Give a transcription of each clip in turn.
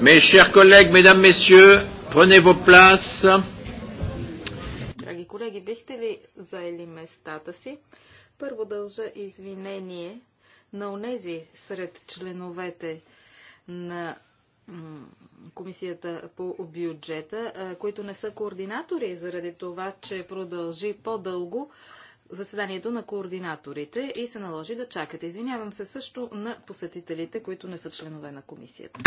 Mes chers collègues, mesdames, messieurs, prenez vos places. Драги колеги, бихте ли заели местата си? Първо дължа извинение на онези сред членовете на Комисията по бюджета, които не са координатори заради това, че продължи по-дълго заседанието на координаторите и се наложи да чакате. Извинявам се също на посетителите, които не са членове на комисията.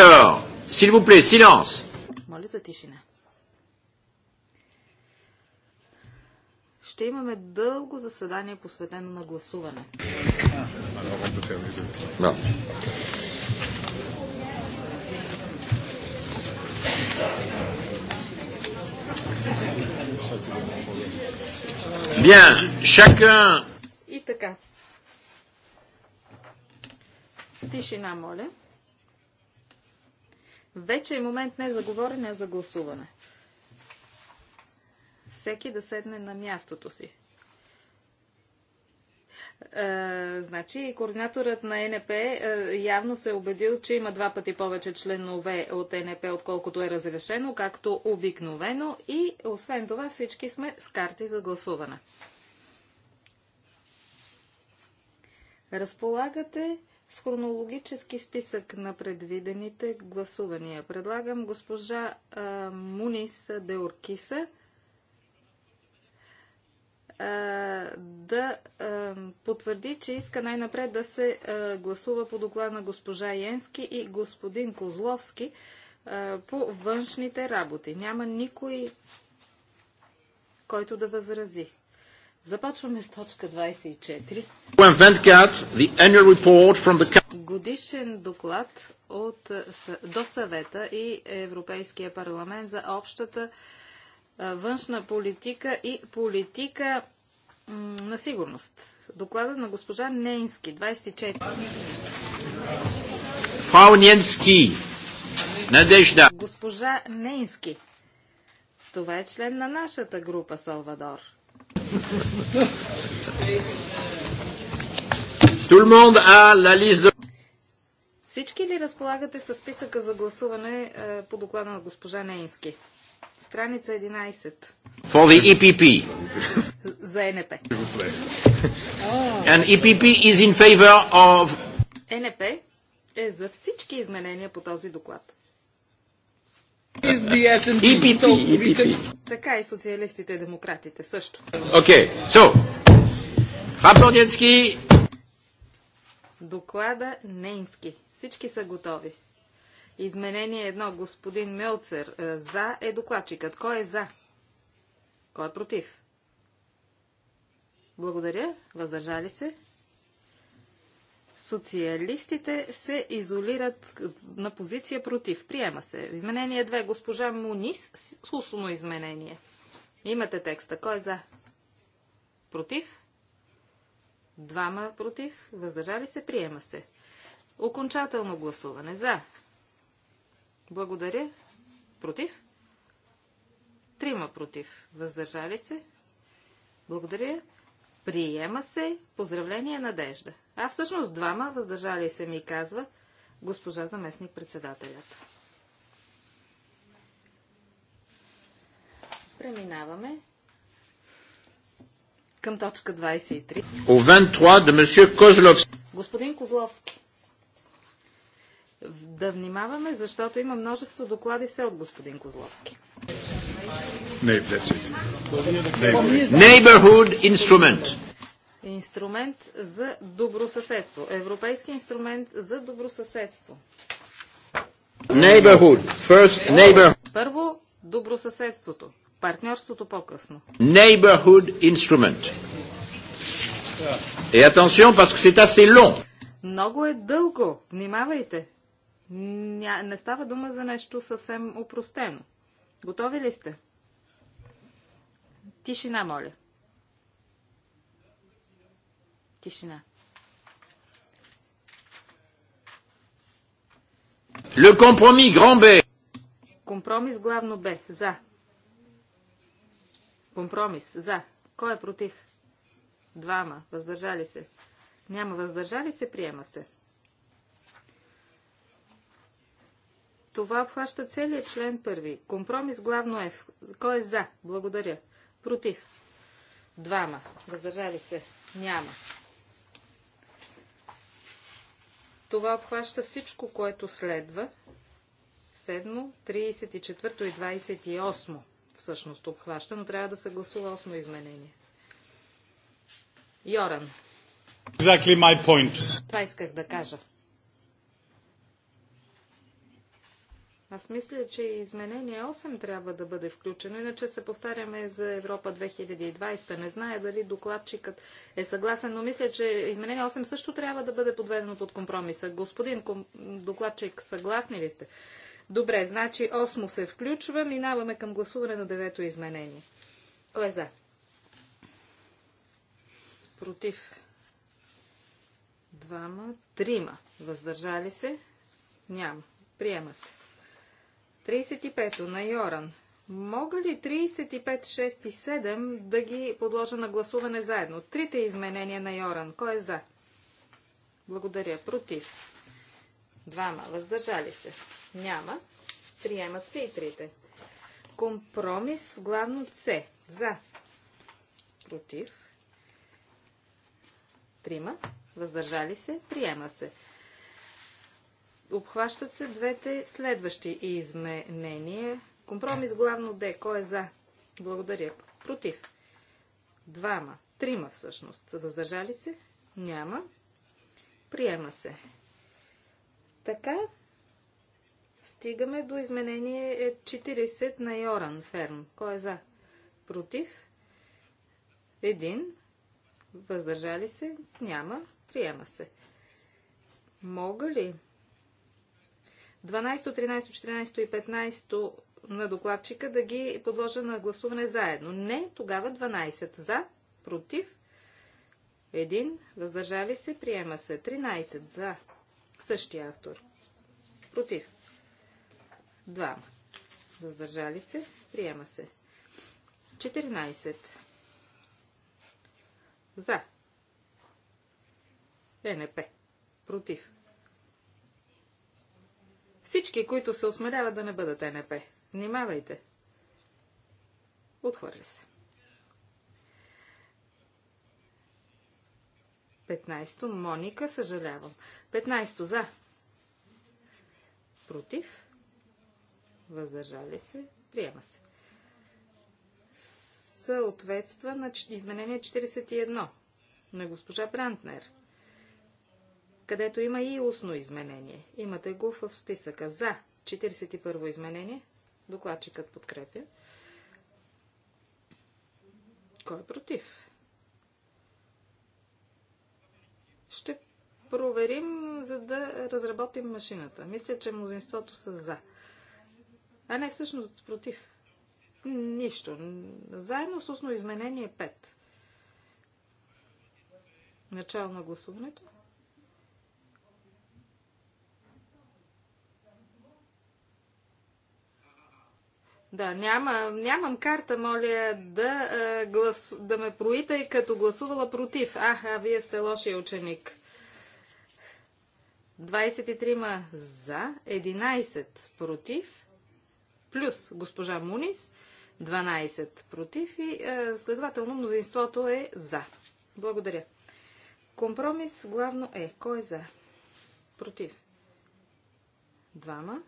Моля за тишина. ще имаме дълго заседание посветено на гласуване. Да. No. Bien, chacun. И така. Тишина, моля. Вече е момент не за говорене, а за гласуване. Всеки да седне на мястото си. Е, значи координаторът на НП е, явно се е убедил, че има два пъти повече членове от НП, отколкото е разрешено, както обикновено. И освен това всички сме с карти за гласуване. Разполагате с хронологически списък на предвидените гласувания. Предлагам госпожа а, е, Мунис Деоркиса – да потвърди, че иска най-напред да се гласува по доклада на госпожа Йенски и господин Козловски по външните работи. Няма никой, който да възрази. Започваме с точка 24. Годишен доклад от, до съвета и Европейския парламент за общата външна политика и политика на сигурност. Доклада на госпожа Ненски, 24. Фау Ненски, Надежда. Госпожа Ненски. Това е член на нашата група, Салвадор. Всички ли разполагате с списъка за гласуване по доклада на госпожа Ненски? страница 11. For the EPP. За е НП. And EPP is in favor of... Е НП е за всички изменения по този доклад. Is the EPP, e so EPP. Така и социалистите и демократите също. Окей, okay. so, Рапорт Доклада Нейнски. Всички са готови. Изменение едно. Господин Мелцер. Е, за е докладчикът. Кой е за? Кой е против? Благодаря. Въздържали се? Социалистите се изолират на позиция против. Приема се. Изменение 2. Госпожа Мунис Слусно изменение. Имате текста. Кой е за? Против? Двама против. Въздържали се? Приема се. Окончателно гласуване. За. Благодаря. Против? Трима против. Въздържали се? Благодаря. Приема се. Поздравление, Надежда. А всъщност двама въздържали се ми казва госпожа заместник председателят. Преминаваме към точка 23. Господин Козловски да внимаваме, защото има множество доклади все от господин Козловски. Neighborhood instrument. Инструмент за добро съседство. Европейски инструмент за добро съседство. Neighborhood. First neighbor. Първо добросъседството. Партньорството по-късно. Neighborhood instrument. Et attention, parce que c'est assez long. Много е дълго. Внимавайте. Ня, не става дума за нещо съвсем упростено. Готови ли сте? Тишина, моля. Тишина. Le compromis grand B. Компромис главно Б. За. Компромис. За. Кой е против? Двама. Въздържали се. Няма въздържали се, приема се. Това обхваща целият член първи. Компромис главно е. Кой е за? Благодаря. Против? Двама. Въздържали се? Няма. Това обхваща всичко, което следва. Седмо, 34 и 28 всъщност обхваща, но трябва да се гласува 8 изменение. Йоран. Exactly my point. Това исках да кажа. Аз мисля, че изменение 8 трябва да бъде включено, иначе се повтаряме за Европа 2020. Не зная дали докладчикът е съгласен, но мисля, че изменение 8 също трябва да бъде подведено под компромиса. Господин ком... докладчик, съгласни ли сте? Добре, значи 8 се включва, минаваме към гласуване на 9 изменение. Кой е за? Против? Двама, трима. Въздържали се? Няма. Приема се. 35-то на Йоран. Мога ли 35, 6 и 7 да ги подложа на гласуване заедно? Трите изменения на Йоран. Кой е за? Благодаря. Против. Двама. Въздържали се. Няма. Приемат се и трите. Компромис главно С. За. Против. Трима. Въздържали се. Приема се. Обхващат се двете следващи изменения. Компромис главно Д. Кой е за? Благодаря. Против. Двама. Трима всъщност. Въздържали се? Няма. Приема се. Така, стигаме до изменение 40 е на Йоран Ферм. Кой е за? Против? Един. Въздържали се? Няма. Приема се. Мога ли 12, 13, 14 и 15 на докладчика да ги подложа на гласуване заедно. Не, тогава 12 за, против, 1, въздържали се, приема се. 13 за, същия автор, против, 2, въздържали се, приема се. 14 за, ЕНП, против, 1. Всички, които се осмеляват да не бъдат НП. Внимавайте. Отхвърли се. 15. Моника, съжалявам. 15. За. Против. Въздържали се. Приема се. Съответства на изменение 41 на госпожа Брантнер където има и устно изменение. Имате го в списъка за 41-во изменение. Докладчикът подкрепя. Кой е против? Ще проверим, за да разработим машината. Мисля, че мнозинството са за. А не, всъщност против. Нищо. Заедно с устно изменение 5. Начало на гласуването. Да, няма, нямам карта, моля да, а, глас, да ме проите като гласувала против. А, вие сте лошия ученик. 23 за, 11 против, плюс госпожа Мунис, 12 против и а, следователно мнозинството е за. Благодаря. Компромис главно е. Кой е за? Против. Двама.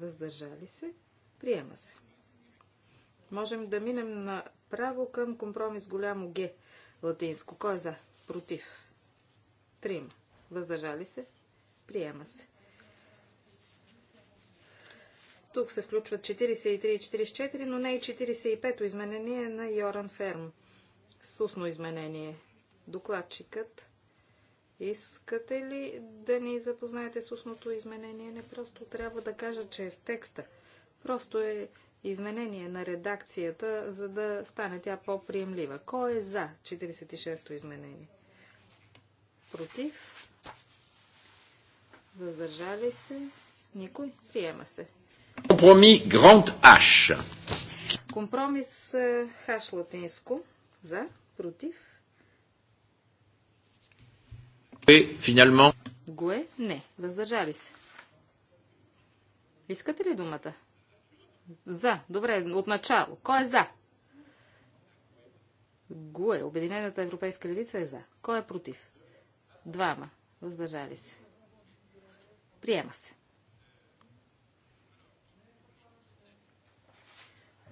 Въздържали се. Приема се. Можем да минем направо към компромис голямо Г. Латинско. Кой е за? Против. Трима. Въздържали се? Приема се. Тук се включват 43 и 44, но не и 45-то изменение на Йоран Ферм. С устно изменение. Докладчикът. Искате ли да ни запознаете с устното изменение? Не просто трябва да кажа, че е в текста. Просто е изменение на редакцията, за да стане тя по-приемлива. Кой е за 46-то изменение? Против? Въздържали се? Никой? Приема се. Компромис Гранд аш. Компромис е, Хаш латинско. За? Против? Гуе, финалмон. Гуе? Не. Въздържали се. Искате ли думата? За. Добре, от начало. Кой е за? Гуе. Обединената европейска левица е за. Кой е против? Двама. Въздържали се. Приема се.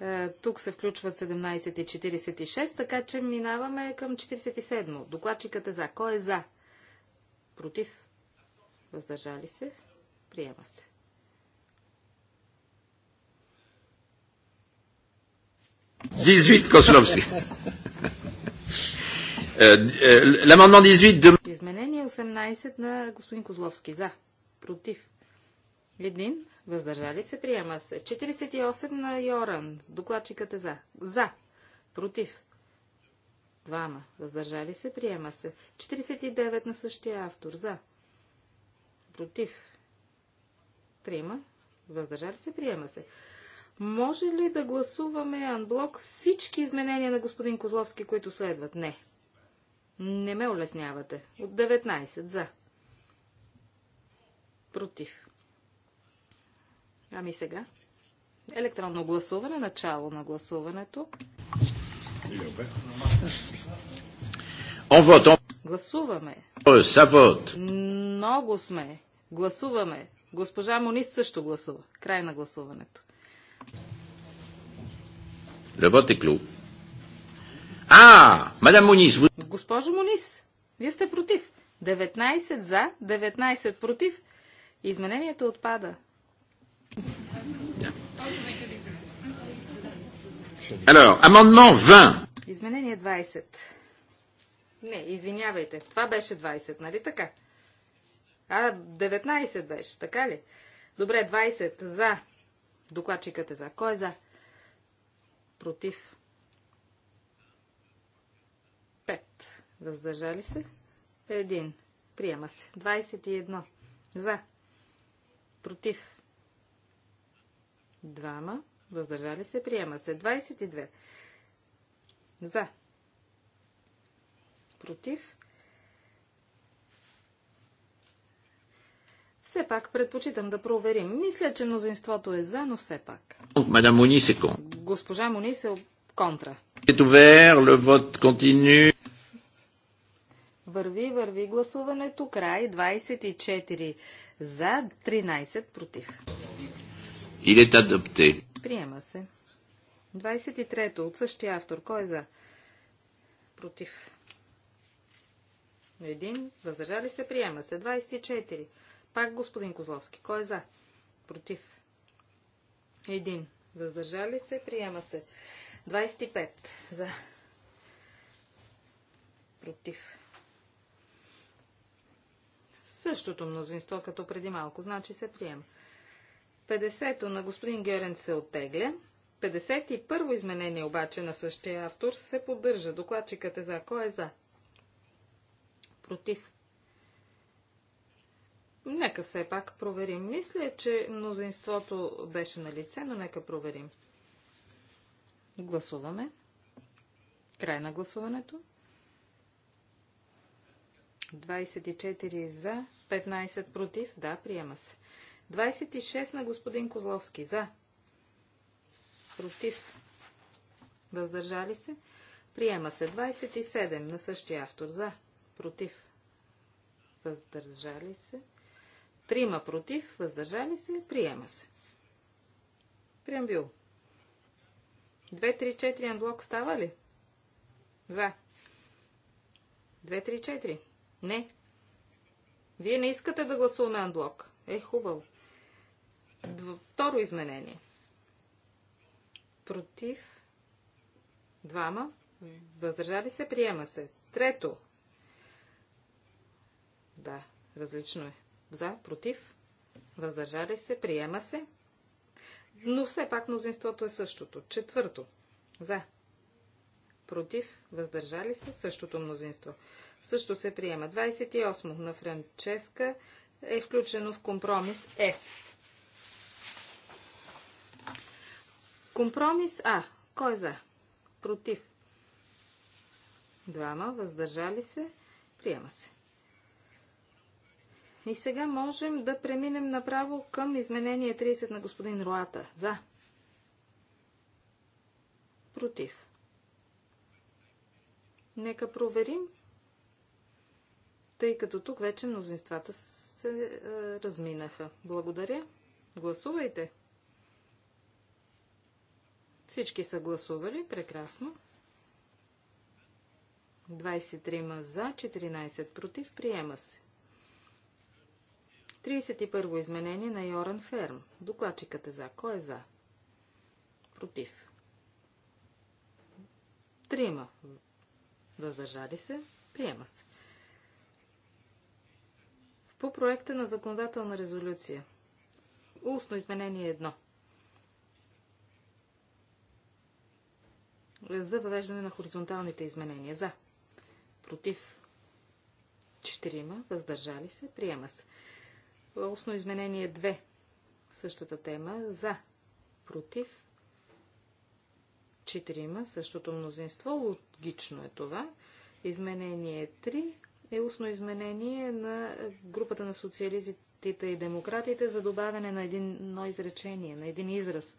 Е, тук се включват 17 и 46, така че минаваме към 47. Докладчикът е за. Кой е за? Против? Въздържали се? Приема се. 18 Косновски. Euh, euh, l'amendement 18 de... Изменение 18 на господин Козловски. За. Против. Един. Въздържали се. Приема се. 48 на Йоран. Докладчикът е за. За. Против. Двама. Въздържали се. Приема се. 49 на същия автор. За. Против. Трима. Въздържали се. Приема се. Може ли да гласуваме анблок всички изменения на господин Козловски, които следват? Не. Не ме улеснявате. От 19 за. Против. Ами сега. Електронно гласуване, начало на гласуването. Гласуваме. Oh, Много сме. Гласуваме. Госпожа Монис също гласува. Край на гласуването. Le vote est clos. А, мадам Мунис. Госпожо Мунис, вие сте против. 19 за, 19 против. Изменението отпада. Alors, amendement 20. Изменение 20. Не, извинявайте. Това беше 20, нали така? А, 19 беше, така ли? Добре, 20 за, Докладчикът е за. Кой е за? Против. 5. Въздържали се? Един, Приема се. 21. За. Против. Двама. Въздържали се? Приема се. 22. За. Против. Все пак предпочитам да проверим. Мисля, че мнозинството е за, но все пак. Мадам Монис е кон. Госпожа Монис е контра. Е върви, върви гласуването. Край 24 за, 13 против. Il est adopté. Приема се. 23-то от същия автор. Кой е за? Против. Един. Въздържали се. Приема се. 24. Пак господин Козловски. Кой е за? Против. Един. Въздържали се? Приема се. 25. За. Против. Същото мнозинство като преди малко, значи се приема. 50-то на господин Герен се оттегля. 51-во изменение обаче на същия автор се поддържа. Докладчикът е за. Кой е за? Против. Нека все пак проверим. Мисля, че мнозинството беше на лице, но нека проверим. Гласуваме. Край на гласуването. 24 за, 15 против. Да, приема се. 26 на господин Козловски. За. Против. Въздържали се. Приема се. 27 на същия автор. За. Против. Въздържали се. Трима против, въздържали се, приема се. Преамбюл. 2-3-4 анблок става ли? За. 2-3-4. Не. Вие не искате да гласуваме анблок. Е, хубаво. Второ изменение. Против. Двама. Въздържали се, приема се. Трето. Да, различно е. За, против, въздържали се, приема се. Но все пак мнозинството е същото. Четвърто. За. Против, въздържали се, същото мнозинство. Също се приема. 28 на Франческа е включено в компромис Е. Компромис А. Кой е за? Против. Двама. Въздържали се. Приема се. И сега можем да преминем направо към изменение 30 на господин Руата. За. Против. Нека проверим, тъй като тук вече мнозинствата се е, разминаха. Благодаря. Гласувайте. Всички са гласували. Прекрасно. 23 за, 14 против. Приема се. 31 изменение на Йоран Ферм. Докладчикът е за. Кой е за? Против. Трима. Въздържали се. Приема се. По проекта на законодателна резолюция. Устно изменение 1. За въвеждане на хоризонталните изменения. За. Против. Четирима. Въздържали се. Приема се. Устно изменение 2. Същата тема. За. Против. 4. Същото мнозинство. Логично е това. Изменение 3 е устно изменение на групата на социалистите и демократите за добавяне на едно изречение, на един израз.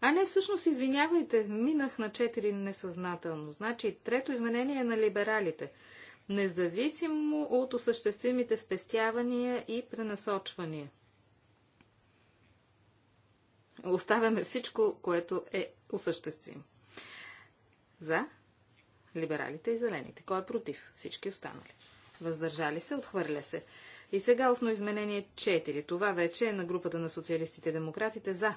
А не, всъщност, извинявайте, минах на 4 несъзнателно. Значи, трето изменение е на либералите – независимо от осъществимите спестявания и пренасочвания. Оставяме всичко, което е осъществимо. За либералите и зелените. Кой е против? Всички останали. Въздържали се, отхвърля се. И сега основно изменение 4. Това вече е на групата на социалистите и демократите за.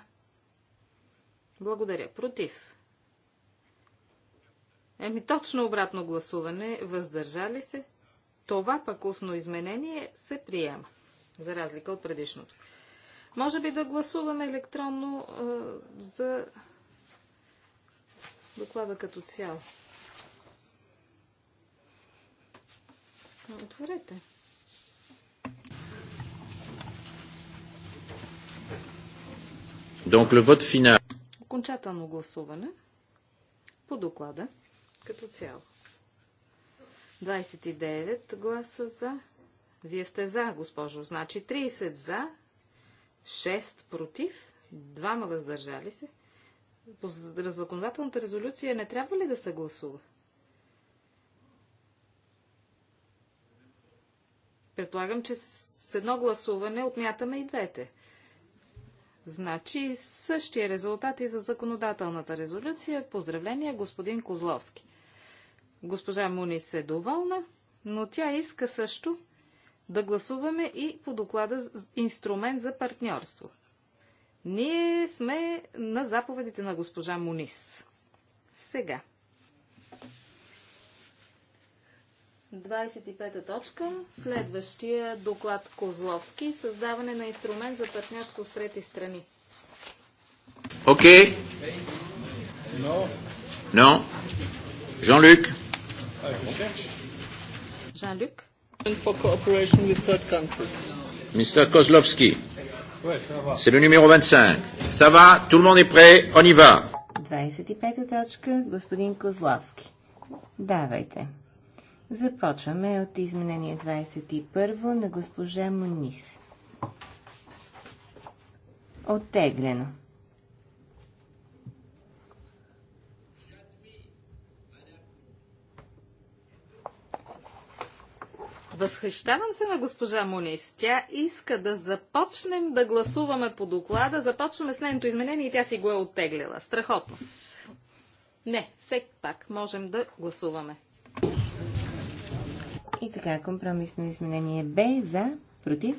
Благодаря. Против. Еми точно обратно гласуване, въздържали се. Това пък устно изменение се приема, за разлика от предишното. Може би да гласуваме електронно а, е, за доклада като цяло. Отворете. Donc le vote final. Окончателно гласуване по доклада като цяло. 29 гласа за. Вие сте за, госпожо. Значи 30 за, 6 против, 2 въздържали се. По законодателната резолюция не трябва ли да се гласува? Предполагам, че с едно гласуване отмятаме и двете. Значи същия резултат и за законодателната резолюция. Поздравление, господин Козловски. Госпожа Мунис е доволна, но тя иска също да гласуваме и по доклада инструмент за партньорство. Ние сме на заповедите на госпожа Мунис. Сега. 25-та точка. Следващия доклад Козловски. Създаване на инструмент за партньорство с трети страни. Окей. Но. Но. Жан-Люк. Jean-Luc. Mr. Kozlovski. C'est le numéro 25. Ça va, tout le monde est prêt, on y va. 25 точка, господин Козловски. Давайте. Започваме от изменение 21 на госпожа Монис. Оттеглено. Възхищавам се на госпожа Мунис. Тя иска да започнем да гласуваме по доклада. Започваме с нейното изменение и тя си го е оттеглила. Страхотно. Не, все пак можем да гласуваме. И така, компромисно изменение Б за, против,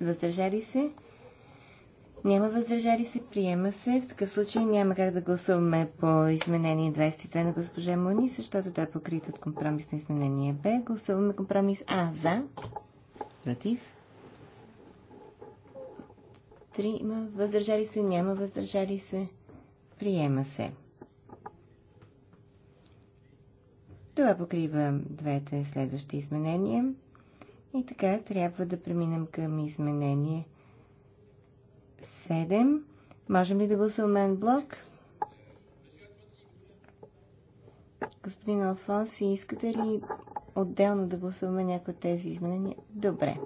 въздържали се, няма въздържали се, приема се. В такъв случай няма как да гласуваме по изменение 22 на госпожа Муни, защото той е покрит от компромис на изменение Б. Гласуваме компромис А за. Против. Три има. въздържали се, няма въздържали се, приема се. Това покрива двете следващи изменения. И така трябва да преминем към изменение 23. 7. Можем ли да гласуваме блок? Господин Алфонс, искате ли отделно да гласуваме някои от тези изменения? Добре.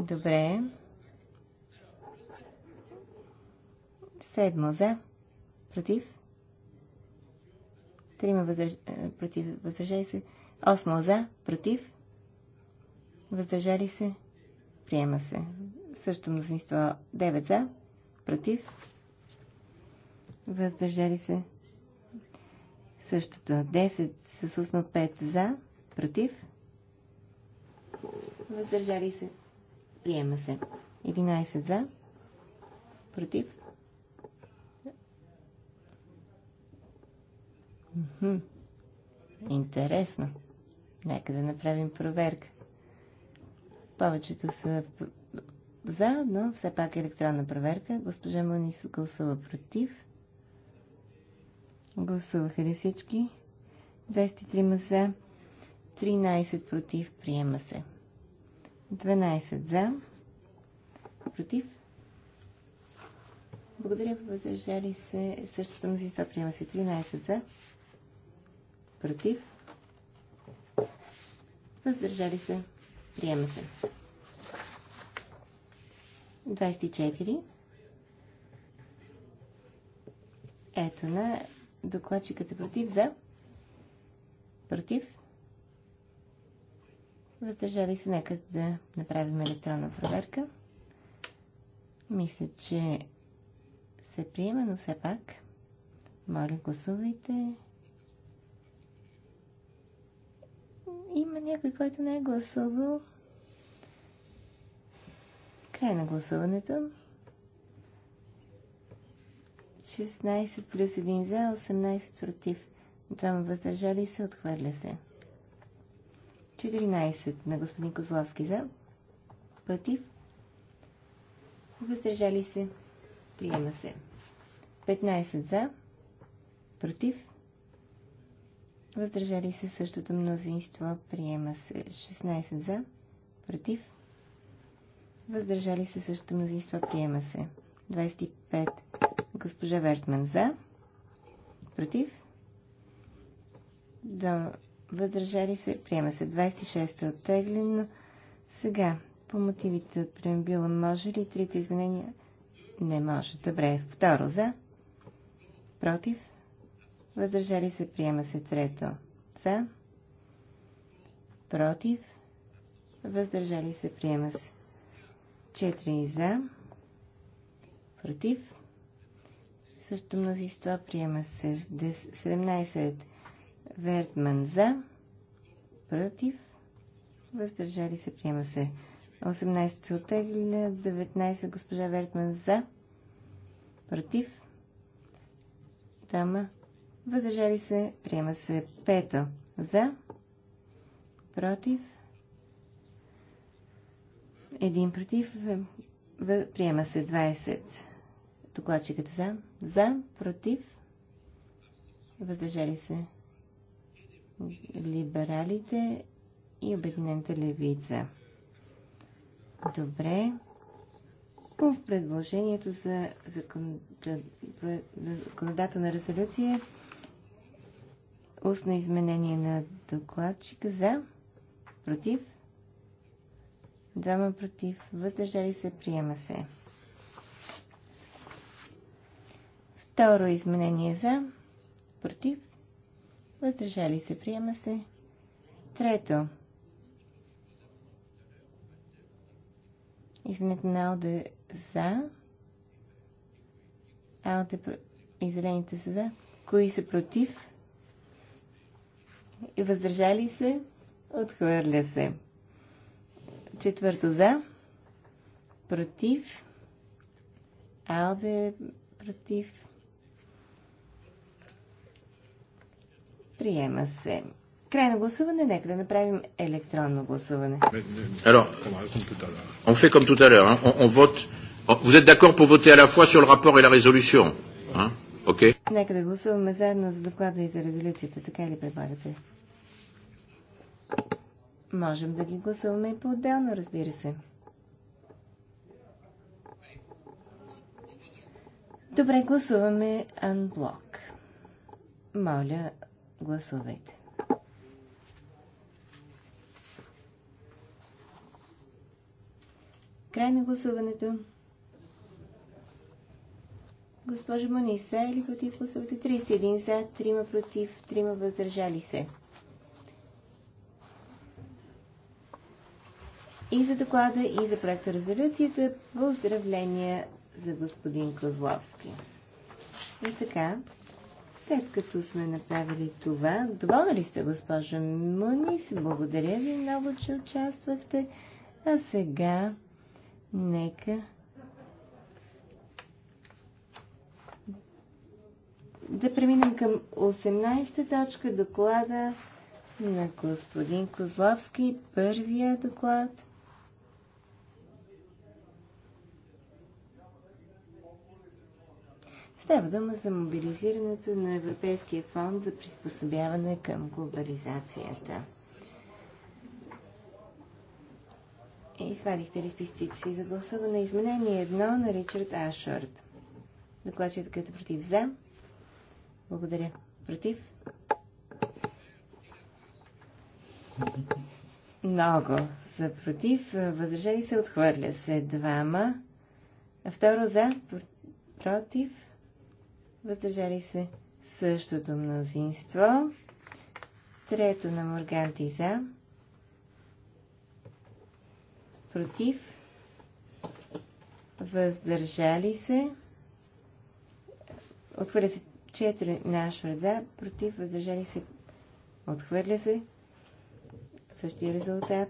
Добре. Седмо за. Против. Трима възраж... Е, против. Възражали се. Осмо за. Против. Въздържали се. Приема се. Също мнозинство 9 за. Против. Въздържали се. Същото 10 с устно 5 за. Против. Въздържали се. Приема се. 11 за. Против. Интересно. Нека да направим проверка. Повечето са за, но все пак е електронна проверка. Госпожа Монис гласува против. Гласуваха ли всички? 23 за, 13 против, приема се. 12 за, против. Благодаря, въздържали се. Същото мнозинство приема се 13 за, против. Въздържали се. Приема се. 24. Ето на докладчиката против за. Против. Въздържали се, нека да направим електронна проверка. Мисля, че се приема, но все пак. Моля, гласувайте. Има някой, който не е гласувал. Край на гласуването. 16 плюс 1 за, 18 против. Двама въздържали се, отхвърля се. 14 на господин Козловски за, против. Въздържали се, приема се. 15 за, против. Въздържали се същото мнозинство, приема се. 16 за, против. Въздържали се също мнозинство. Приема се. 25. Госпожа Вертман за. Против. До въздържали се. Приема се. 26 е оттеглено. Сега, по мотивите от преамбила, може ли трите изменения? Не може. Добре. Второ за. Против. Въздържали се. Приема се. Трето за. Против. Въздържали се. Приема се. 4 за, против. Също мнозинство приема се 17 Вертман за, против. Въздържали се приема се 18 се отегля, 19 госпожа Вертман за, против. Дама. Въздържали се приема се 5 за, против един против. Приема се 20. Докладчиката е за. За. Против. Въздържали се либералите и Обединената левица. Добре. В предложението за законодателна резолюция устно изменение на докладчика за, против, Двама против, въздържали се, приема се. Второ изменение за, против, въздържали се, приема се. Трето. Изменете на Алде за. Алде и зелените са за. Кои са против? И въздържали се? Отхвърля се. Четвърто за. Против. Алде против. Приема се. Край на гласуване, нека да направим електронно гласуване. Alors, on fait comme tout à l'heure, on, on vote. Vous êtes d'accord pour voter à la fois sur le rapport et la résolution? Hein? Okay. Нека да гласуваме заедно за доклада и за резолюцията, така ли предлагате? Можем да ги гласуваме и по-отделно, разбира се. Добре, гласуваме анблок. Моля, гласувайте. Край на гласуването. Госпожа Мони, са или е против гласувате? 31 за, 3 против, 3 въздържали се. и за доклада, и за проекта резолюцията. Поздравления за господин Козловски. И така, след като сме направили това, доволни ли сте, госпожа Мунис? Благодаря ви много, че участвахте. А сега, нека да преминем към 18-та точка доклада на господин Козловски, първия доклад – Става дума за мобилизирането на Европейския фонд за приспособяване към глобализацията. И е, извадихте ли списъците си за гласуване? Изменение едно на Ричард Ашорт. Докладчикът като е против за. Благодаря. Против? Много са против. Възражени се отхвърля се двама. Второ за. Против? въздържали се същото мнозинство. Трето на Морганти за, против, въздържали се, отхвърля се четири на за, против, въздържали се, отхвърля се, същия резултат.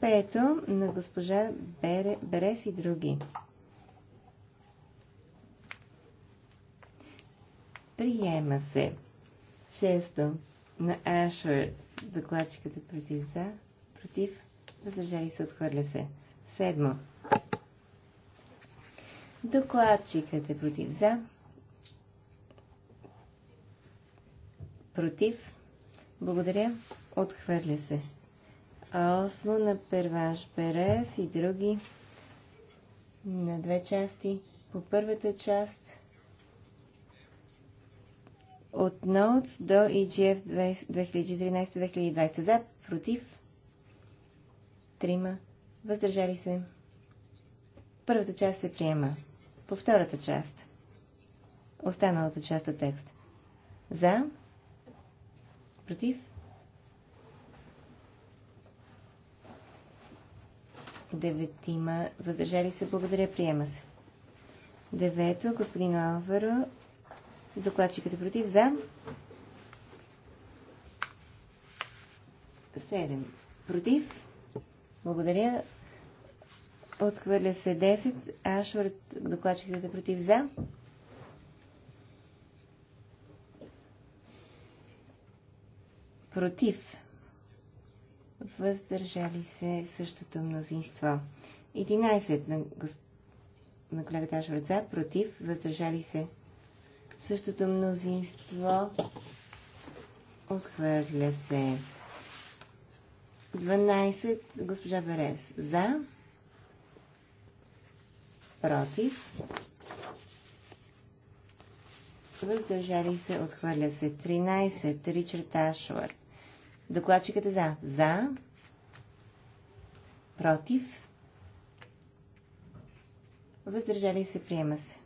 Пето на госпожа Бере, Берес и други. Приема се. Шесто на Ашър. Докладчиката е против за. Против. Въздържали се. Отхвърля се. Седмо. Докладчикът е против за. Против. Благодаря. Отхвърля се. Осмо на Перваш Перес и други на две части. По първата част от Notes до EGF 2013-2020. За, против, трима, въздържали се. Първата част се приема. По втората част. Останалата част от текст. За, против, деветима, въздържали се. Благодаря, приема се. Девето, господин Алваро, Докладчикът е против. За. 7. Против. Благодаря. Отхвърля се 10. Ашвард, докладчикът е против. За. Против. Въздържали се същото мнозинство. 11 на, госп... на колегата Ашвард за. Против. Въздържали се същото мнозинство. Отхвърля се. 12. Госпожа Берес. За. Против. Въздържали се. Отхвърля се. 13. Ричард Ашвар. Докладчикът е за. За. Против. Въздържали се. Приема се.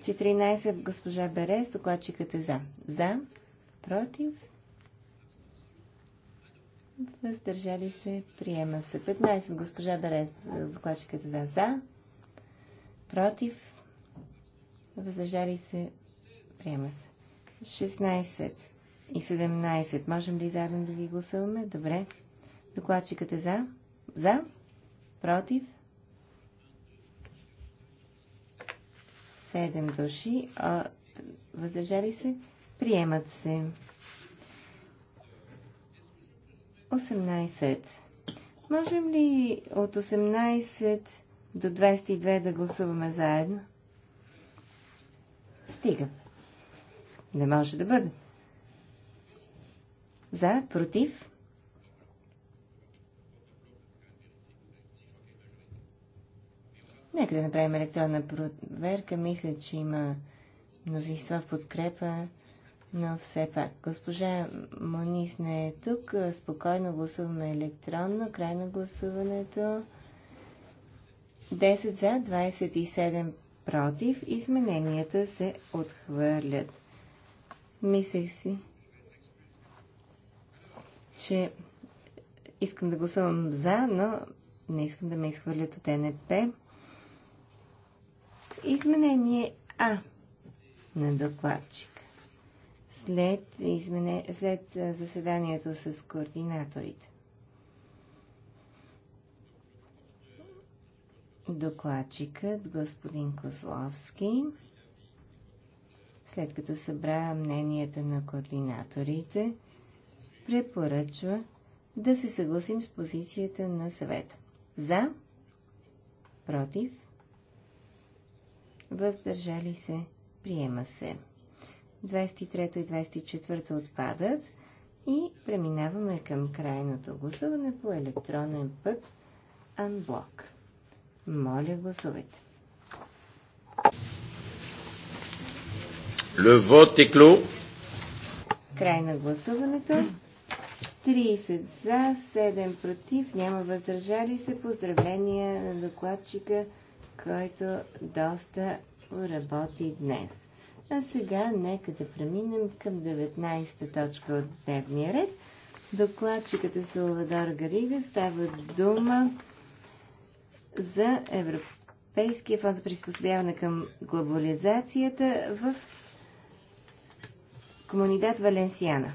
14. Госпожа Берес, докладчикът е за. За. Против. Въздържали се. Приема се. 15. Госпожа Берес, докладчикът е за. За. Против. Въздържали се. Приема се. 16 и 17. Можем ли заедно да ги гласуваме? Добре. Докладчикът е за. За. Против. 7 души, а, въздържали се, приемат се. 18. Можем ли от 18 до 22 да гласуваме заедно? Стига. Не може да бъде. За, против, Нека да направим електронна проверка. Мисля, че има мнозинство в подкрепа, но все пак. Госпожа Монис не е тук. Спокойно гласуваме електронно. Край на гласуването. 10 за, 27 против. Измененията се отхвърлят. Мислех си, че искам да гласувам за, но не искам да ме изхвърлят от НП. Изменение А на докладчик. След, измене, след заседанието с координаторите. Докладчикът господин Козловски, след като събра мненията на координаторите, препоръчва да се съгласим с позицията на съвета. За, против, въздържали се, приема се. 23 и 24 отпадат и преминаваме към крайното гласуване по електронен път Unblock. Моля, гласувайте. Le vote est clos. Край на гласуването. 30 за, 7 против, няма въздържали се. Поздравления на докладчика който доста работи днес. А сега нека да преминем към 19-та точка от дневния ред. Докладчикът е Салвадор Гарига. Става дума за Европейския фонд за приспособяване към глобализацията в Комунидат Валенсиана.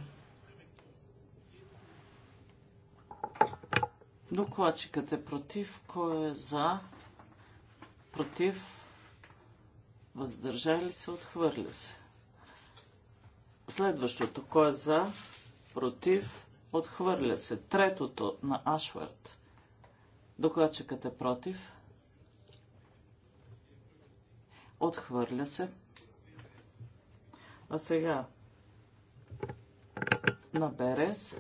Докладчикът е против. Кой е за? против, въздържали се, отхвърля се. Следващото, кой е за, против, отхвърля се. Третото на Ашвард. Докладчикът е против. Отхвърля се. А сега на Берес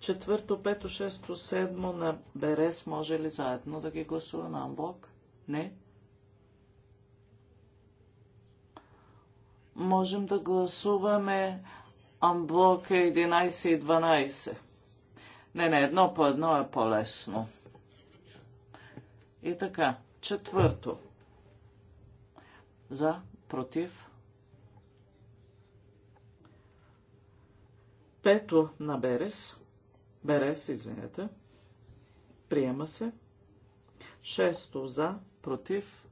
Четвърто, пето, шесто, седмо на Берес, може ли заедно да ги гласува на Анблок? Не. Можем да гласуваме Амблока 11 и 12. Не, не, едно по едно е по-лесно. И така, четвърто. За, против. Пето на Берес. Бере се, извинете. Приема се. Шесто за, против.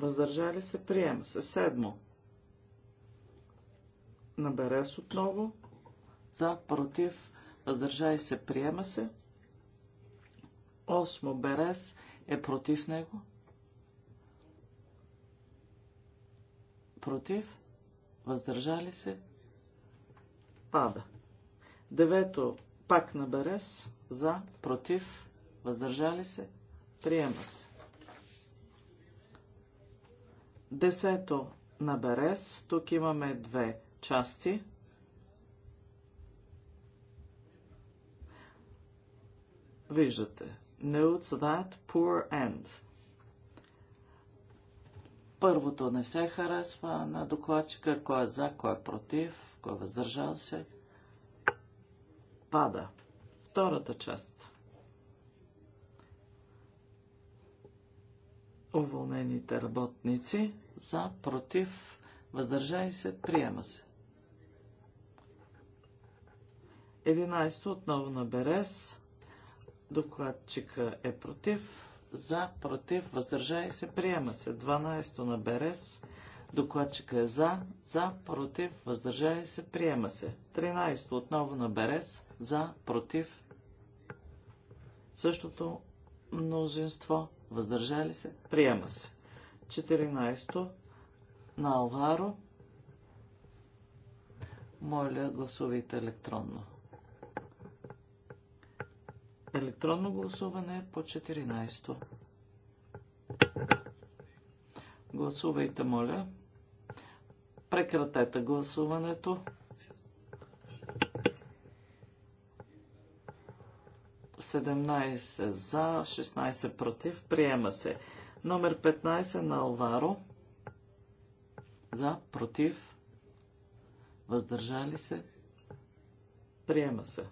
Въздържали се, приема се. Седмо. Набере се отново. За, против. Въздържай се, приема се. Осмо. Берес е против него. Против. Въздържали се, Пада. Девето, пак на Берес, за, против, въздържали се, приема се. Десето на Берес, тук имаме две части. Виждате. Notes that poor end. Първото не се харесва на докладчика, кой е за, кой е против, кой е въздържал се. Пада. Втората част. Уволнените работници за, против, въздържай се, приема се. Единайсто отново на Берес. Докладчика е против за, против, въздържали се, приема се. 12 на Берес, докладчика е за, за, против, въздържали се, приема се. 13 отново на Берес, за, против, същото мнозинство, въздържали се, приема се. 14 на Алваро, моля гласувайте електронно. Електронно гласуване по 14-то. Гласувайте, моля. Прекратете гласуването. 17 за, 16 против. Приема се. Номер 15 на Алваро. За, против. Въздържали се. Приема се.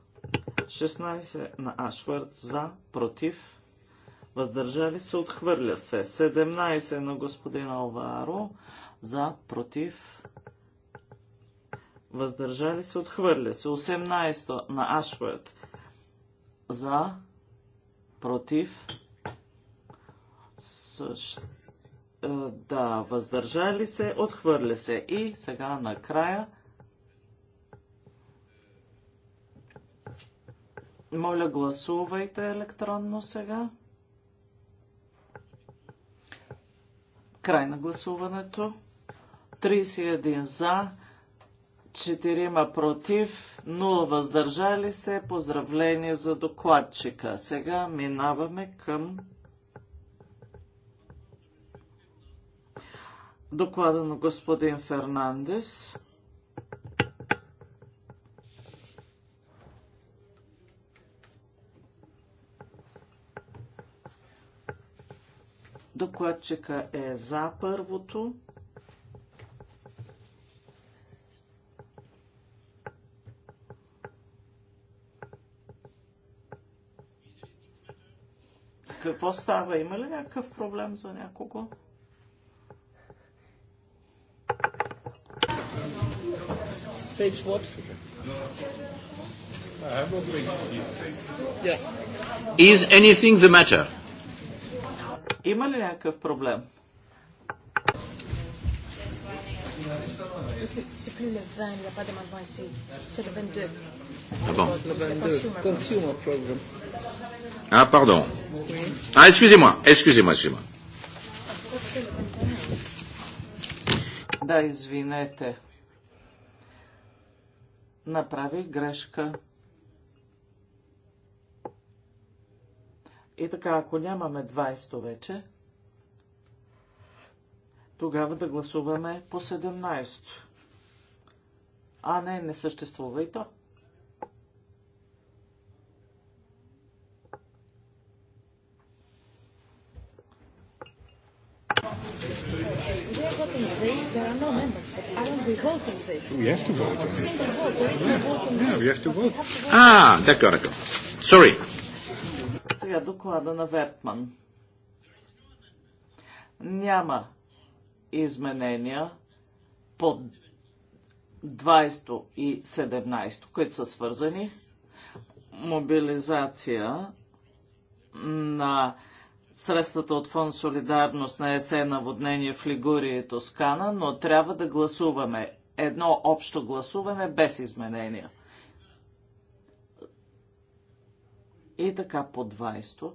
16 на Ашвард за, против, въздържали се, отхвърля се. 17 на господин Алваро за, против, въздържали се, отхвърля се. 18 на Ашвард за, против, същ... Е, да, въздържали се, отхвърля се. И сега накрая Моля, гласувайте електронно сега. Край на гласуването. 31 за, 4 против, 0 въздържали се. Поздравление за докладчика. Сега минаваме към доклада на господин Фернандес. Докладчика е за първото. Какво става? Има ли някакъв проблем за някого? Is anything the matter? Има ли някакъв проблем? C'est plus le 20, il n'y a pas de maintenant ici. C'est le 22. Ah bon Le 22. Consumer program. Ah, pardon. Ah, excusez-moi, excusez-moi, excusez-moi. Да, извинете. Направих грешка. И така, ако нямаме 20 вече, тогава да гласуваме по 17. А, не, не съществува и то. Ah, got it. Sorry. Сега доклада на Вертман. Няма изменения под 20 и 17, които са свързани. Мобилизация на средствата от фонд Солидарност на ЕСЕ наводнение в Лигурия и Тоскана, но трябва да гласуваме едно общо гласуване без изменения. И така по 20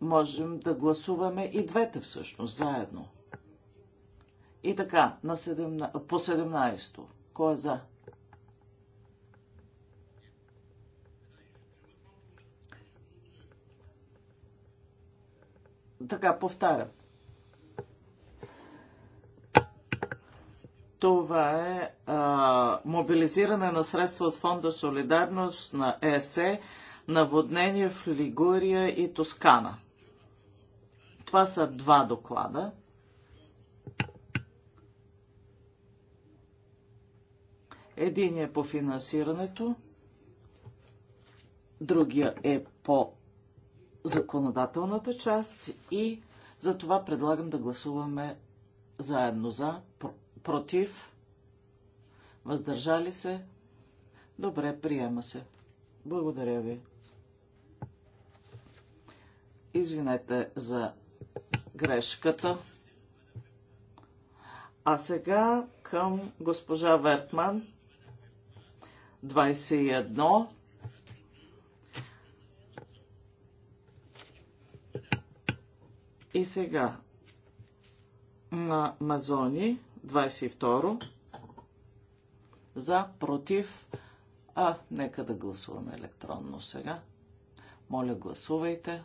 можем да гласуваме и двете всъщност заедно. И така, на 17, по 17-то. Кой е за? Така, повтарям. Това е а, мобилизиране на средства от фонда Солидарност на ЕСЕ, наводнение в Лигурия и Тоскана. Това са два доклада. Един е по финансирането, другия е по законодателната част и за това предлагам да гласуваме заедно за, против, въздържали се, добре, приема се. Благодаря ви. Извинете за грешката. А сега към госпожа Вертман. 21. И сега на Мазони. 22 за, против, а, нека да гласуваме електронно сега. Моля, гласувайте.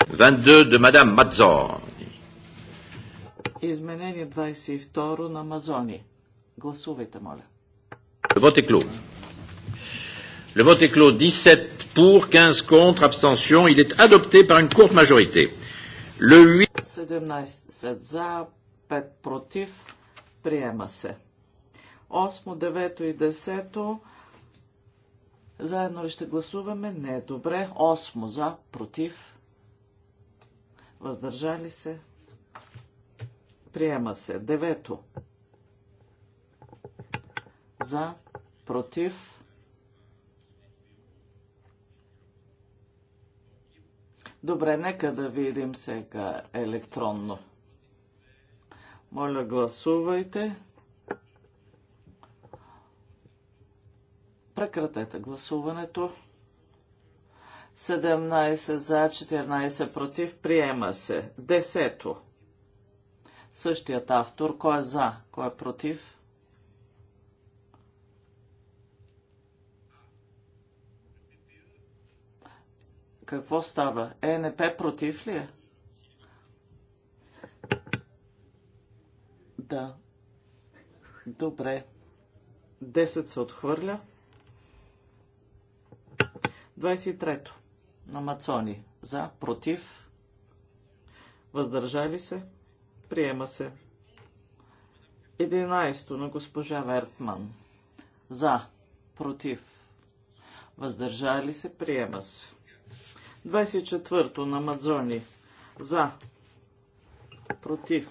22 de мадам Мадзон. Изменение 22 на Мазони. Гласувайте, моля. Le vote est clos. Le vote est clos. 17 pour, 15 contre, abstention. Il est adopté par une courte majorité. 17 за, 5 против. Приема се. 8, 9 и 10. Заедно ли ще гласуваме? Не, е добре. 8 за, против. Въздържали се. Приема се. 9. За, против. Добре, нека да видим сега електронно. Моля, гласувайте. Прекратете гласуването. 17 за, 14 против. Приема се. Десето. Същият автор. Кой е за? Кой е против? Какво става? ЕНП против ли е? Да. Добре. 10 се отхвърля. 23-то. На Мацони. За, против. Въздържали се. Приема се. 11-то на госпожа Вертман. За, против. Въздържали се. Приема се. 24-то на Мадзони. За. Против.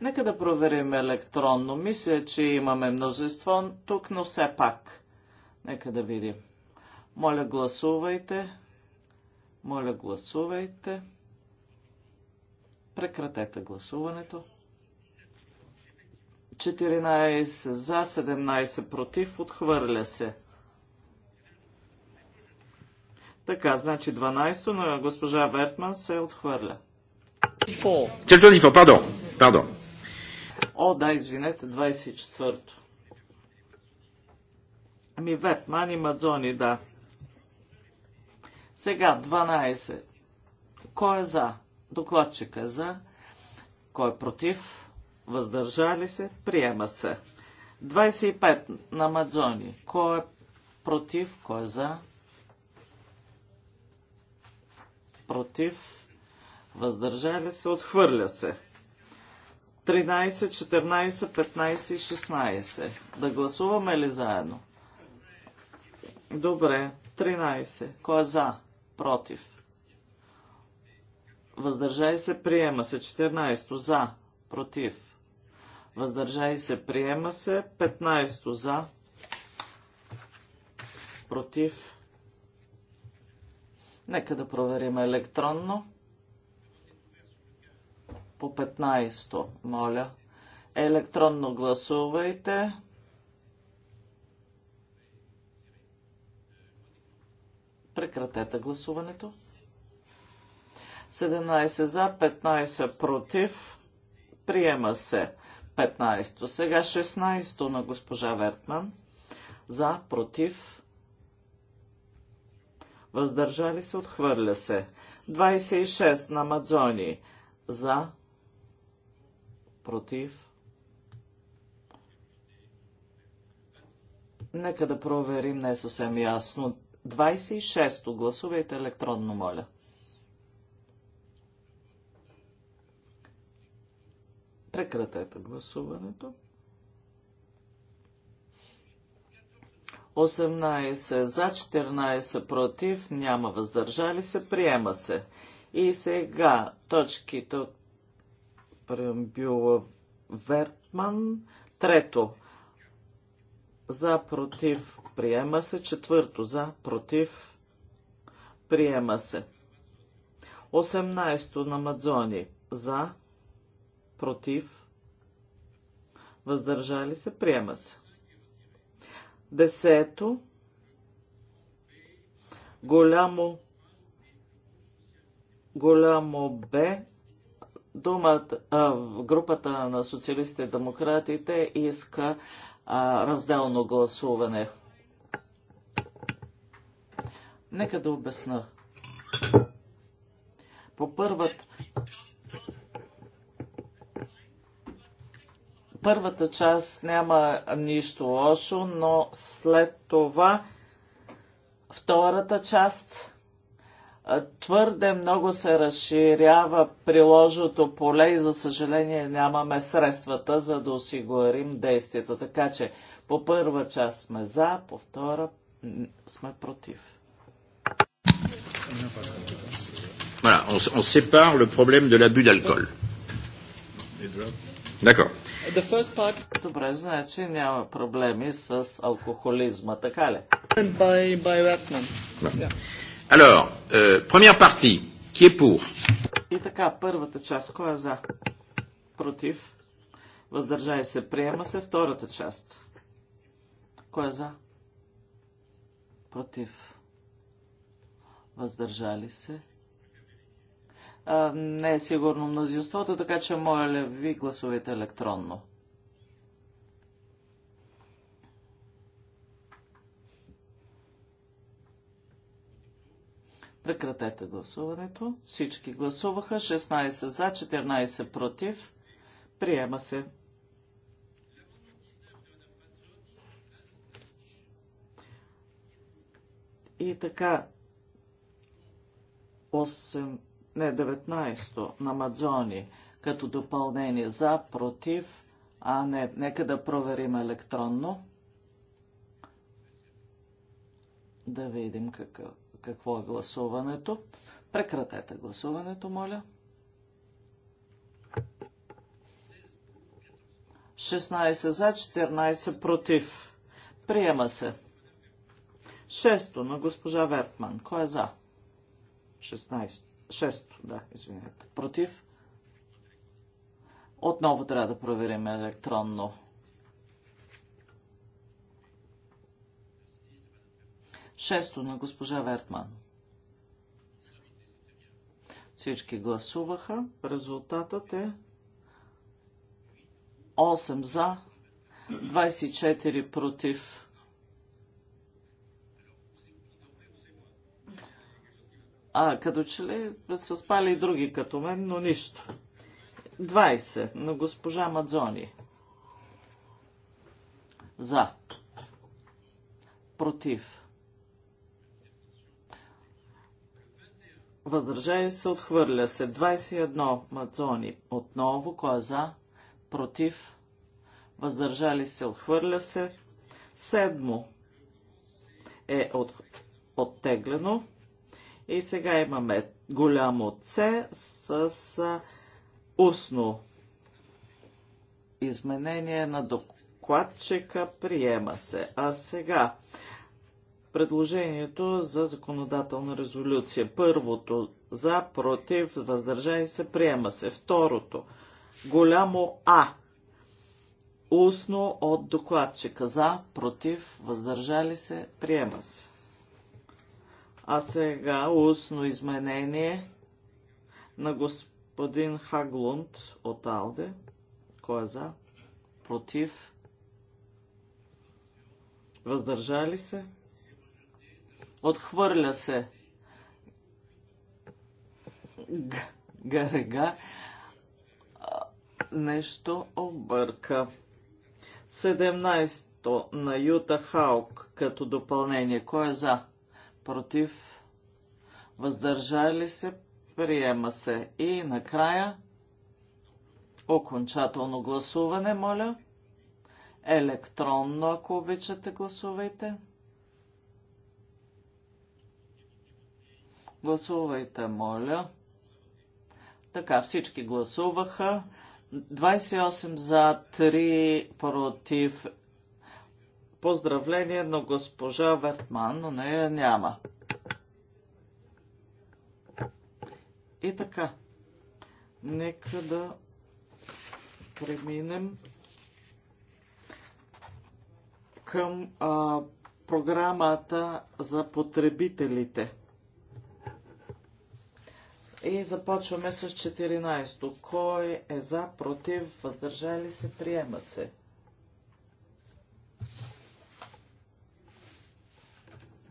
Нека да проверим електронно. Мисля, че имаме множество тук, но все пак. Нека да видим. Моля, гласувайте. Моля, гласувайте. Прекратете гласуването. 14 за, 17 против, отхвърля се. Така, значи 12-то на госпожа Вертман се отхвърля. Чертон падо, падо. О, да, извинете, 24-то. Ами Вертман и Мадзони, да. Сега, 12. Кой е за? Докладчик е за. Кой е против? Въздържали се? Приема се. 25 на Мадзони. Кой е против? Кой е за? против, въздържали се, отхвърля се. 13, 14, 15 и 16. Да гласуваме ли заедно? Добре. 13. Кой е за? Против. Въздържай се, приема се. 14. За. Против. Въздържай се, приема се. 15. За. Против. Нека да проверим електронно. По 15-то, моля. Електронно гласувайте. Прекратете гласуването. 17 за, 15 против. Приема се 15-то. Сега 16-то на госпожа Вертман. За, против въздържали се, отхвърля се. 26 на Мадзони, за, против. Нека да проверим, не е съвсем ясно. 26-то, гласувайте електронно, моля. Прекратете гласуването. 18 за, 14 против, няма въздържали се, приема се. И сега точките от преамбюла Вертман. Трето. За, против, приема се. Четвърто. За, против, приема се. 18 на Мадзони. За, против, въздържали се, приема се. Десето, голямо, голямо Б, думата, а, групата на социалистите и демократите иска а, разделно гласуване. Нека да обясна. По първата първата част няма нищо лошо, но след това втората част твърде много се разширява приложното поле и за съжаление нямаме средствата за да осигурим действието. Така че по първа част сме за, по втора сме против. Voilà, on, on sépare le problème de l'abus d'alcool. D'accord. Part... Добре, значи няма проблеми с алкохолизма, така ли? By, by yeah. Alors, euh, première partie, qui est pour? И така, първата част, кой е за? Против? Въздържай се, приема се втората част. Кой е за? Против? Въздържали се? а, не е сигурно мнозинството, така че моля ви гласувайте електронно. Прекратете гласуването. Всички гласуваха. 16 за, 14 против. Приема се. И така. 8 не 19 на Мадзони като допълнение за, против, а не, нека да проверим електронно. Да видим какъв, какво е гласуването. Прекратете гласуването, моля. 16 за, 14 против. Приема се. Шесто на госпожа Вертман. Кой е за? 16. Шесто, да, извинете. Против. Отново трябва да проверим електронно. Шесто на госпожа Вертман. Всички гласуваха. Резултатът е 8 за, 24 против. А, като че ли са спали и други като мен, но нищо. 20 на госпожа Мадзони. За. Против. Въздържали се, отхвърля се. 21 Мадзони. Отново, кой е за? Против. Въздържали се, отхвърля се. Седмо е от, оттеглено. И сега имаме голямо С с устно изменение на докладчика. Приема се. А сега предложението за законодателна резолюция. Първото за, против, въздържай се, приема се. Второто голямо А устно от докладчика. За, против, въздържали се, приема се. А сега устно изменение на господин Хаглунд от Алде. Кой е за? Против? Въздържали се? Отхвърля се. Гарега нещо обърка. 17 то на Юта Хаук като допълнение. Кой е за? против, въздържали се, приема се. И накрая окончателно гласуване, моля. Електронно, ако обичате, гласувайте. Гласувайте, моля. Така, всички гласуваха. 28 за, 3 против, поздравление на госпожа Вертман, но нея няма. И така, нека да преминем към а, програмата за потребителите. И започваме с 14. Кой е за, против, въздържали се, приема се.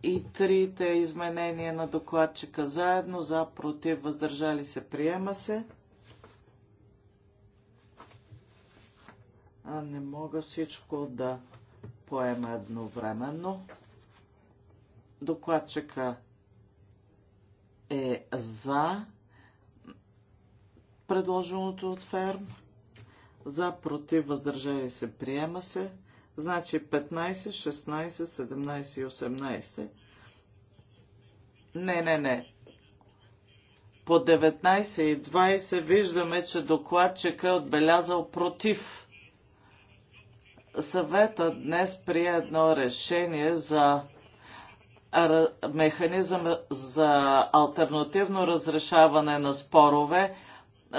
и трите изменения на докладчика заедно, за, против, въздържали се, приема се. А не мога всичко да поема едновременно. Докладчика е за предложеното от ферм, за, против, въздържали се, приема се. Значи 15, 16, 17 и 18. Не, не, не. По 19 и 20 виждаме, че докладчика е отбелязал против. Съвета днес прие едно решение за механизъм за альтернативно разрешаване на спорове.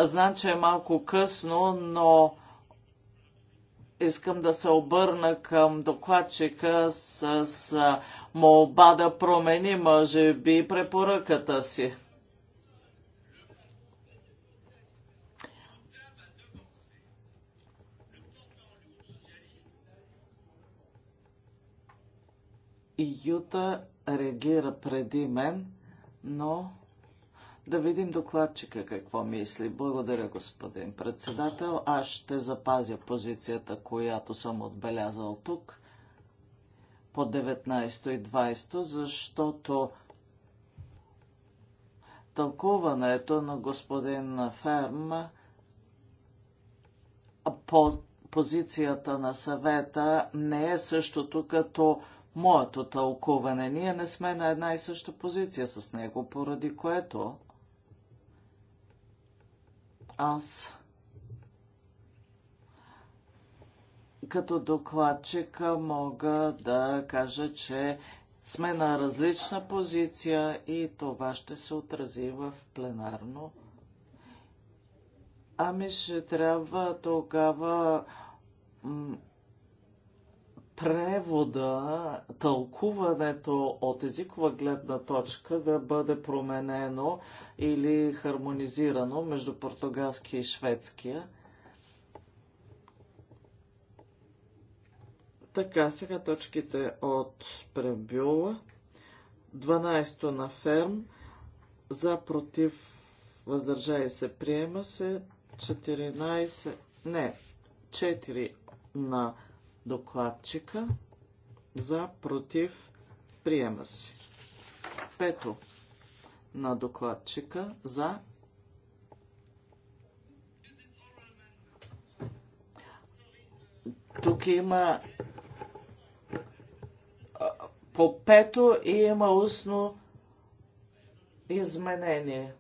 Знам, че е малко късно, но искам да се обърна към докладчика с, с молба да промени, може би, препоръката си. Юта реагира преди мен, но да видим докладчика какво мисли. Благодаря, господин председател. Аз ще запазя позицията, която съм отбелязал тук по 19 и 20, защото тълкуването на господин Ферм по позицията на съвета не е същото като моето тълкуване. Ние не сме на една и съща позиция с него, поради което аз като докладчика мога да кажа, че сме на различна позиция и това ще се отрази в пленарно. Ами ще трябва тогава превода, тълкуването от езикова гледна точка да бъде променено или хармонизирано между португалски и шведския. Така, сега точките от пребюла. 12 на ферм. За, против, въздържали се, приема се. 14, не, 4 на ферм докладчика за против приема си. Пето на докладчика за Тук има по пето и има устно изменение.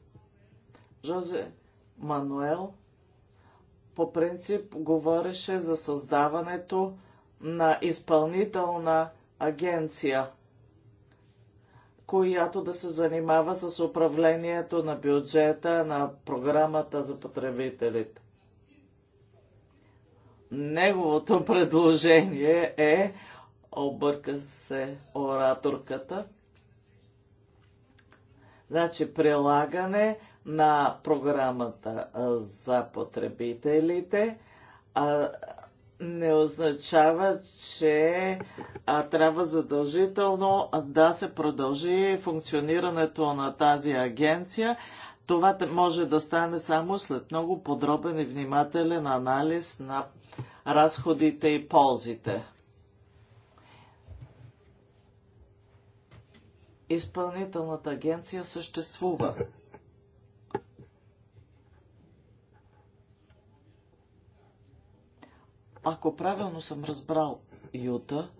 Жозе Мануел по принцип говореше за създаването на изпълнителна агенция, която да се занимава с управлението на бюджета на програмата за потребителите. Неговото предложение е, обърка се ораторката, значи прилагане на програмата за потребителите, а, не означава, че а, трябва задължително да се продължи функционирането на тази агенция. Това може да стане само след много подробен и внимателен анализ на разходите и ползите. Изпълнителната агенция съществува. Ако правилно съм разбрал Юта,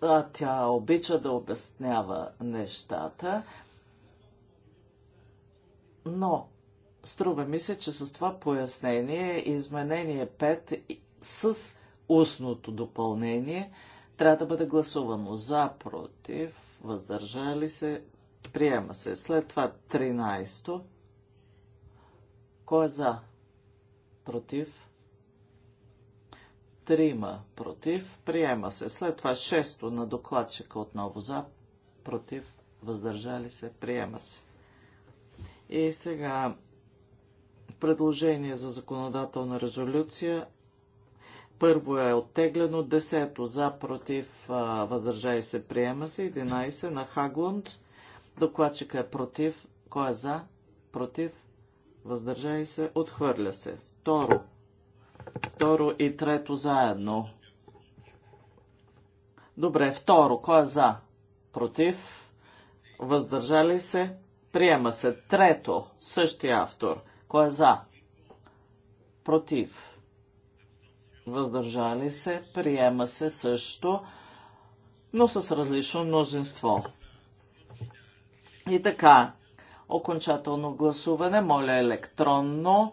а тя обича да обяснява нещата, но струва ми се, че с това пояснение, изменение 5 с устното допълнение трябва да бъде гласувано за, против, въздържали се, приема се. След това 13-то. Кой е за? Против. Трима против. Приема се. След това шесто на докладчика отново за. Против. Въздържали се. Приема се. И сега предложение за законодателна резолюция. Първо е оттеглено, десето за, против, въздържай се, приема се, 11 на Хаглунд. Докладчика е против. Кой е за? Против. Въздържай се, отхвърля се. Второ, второ и трето заедно. Добре, второ, кой е за? Против, въздържали се, приема се. Трето, същия автор, кой е за? Против, въздържали се, приема се също, но с различно мнозинство. И така, Окончателно гласуване, моля електронно.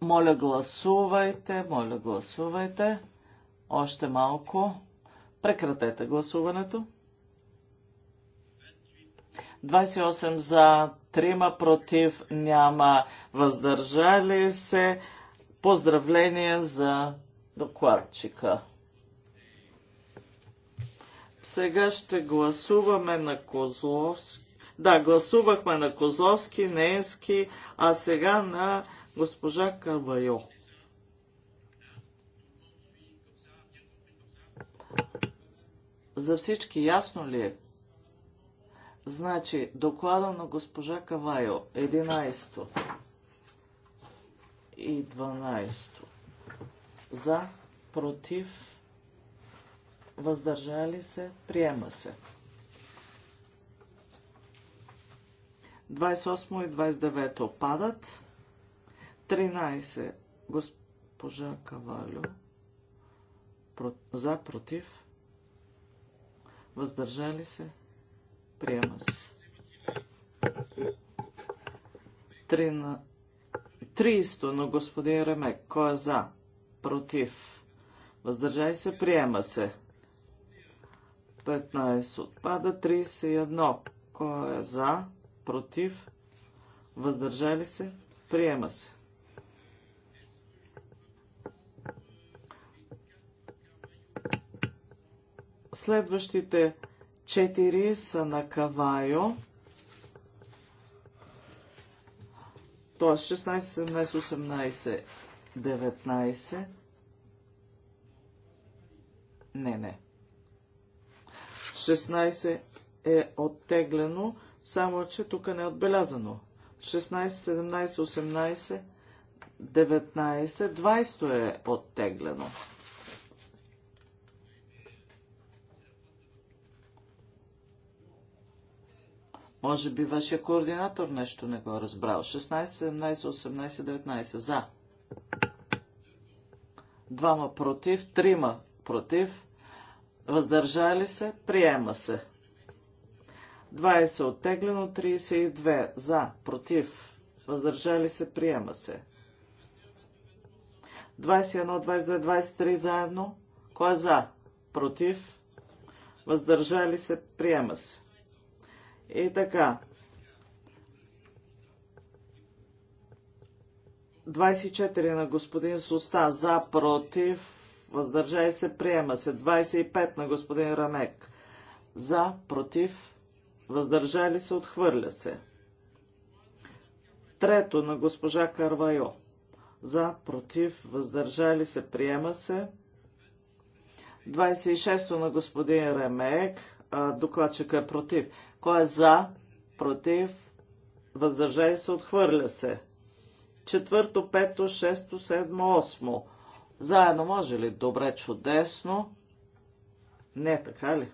Моля гласувайте, моля гласувайте. Още малко. Прекратете гласуването. 28 за, 3 против, няма въздържали се. Поздравления за докладчика. Сега ще гласуваме на Козловски. Да, гласувахме на Козловски, Ненски, а сега на госпожа Карбайо. За всички ясно ли е? Значи, доклада на госпожа Кавайо, 11 и 12. За, против, въздържали се, приема се. 28 и 29 опадат. 13 госпожа Кавалю за, против, въздържали се, приема се. 300 на господин Ремек. Кой е за? Против. Въздържай се, приема се. 15 отпада. 31. Кой е за? Против? Въздържали се? Приема се. Следващите 4 са на Кавайо. Тоест 16, 17, 18, 19. Не, не. 16 е оттеглено, само че тук не е отбелязано. 16, 17, 18, 19, 20 е оттеглено. Може би вашия координатор нещо не го е разбрал. 16, 17, 18, 19. За. Двама против, трима против, въздържали се, приема се. 20 оттеглено, 32 за, против, въздържали се, приема се. 21, 22, 23 заедно. Кой е за? Против? Въздържали се? Приема се. И така. 24 на господин Суста. За, против, въздържали се, приема се. 25 на господин Рамек. За, против, въздържали се, отхвърля се. Трето на госпожа Карвайо. За, против, въздържали се, приема се. 26-то на господин Ремек. Докладчик е против. Кой е за, против, въздържали се, отхвърля се. Четвърто, пето, шесто, седмо, осмо. Заедно може ли? Добре, чудесно. Не, така ли?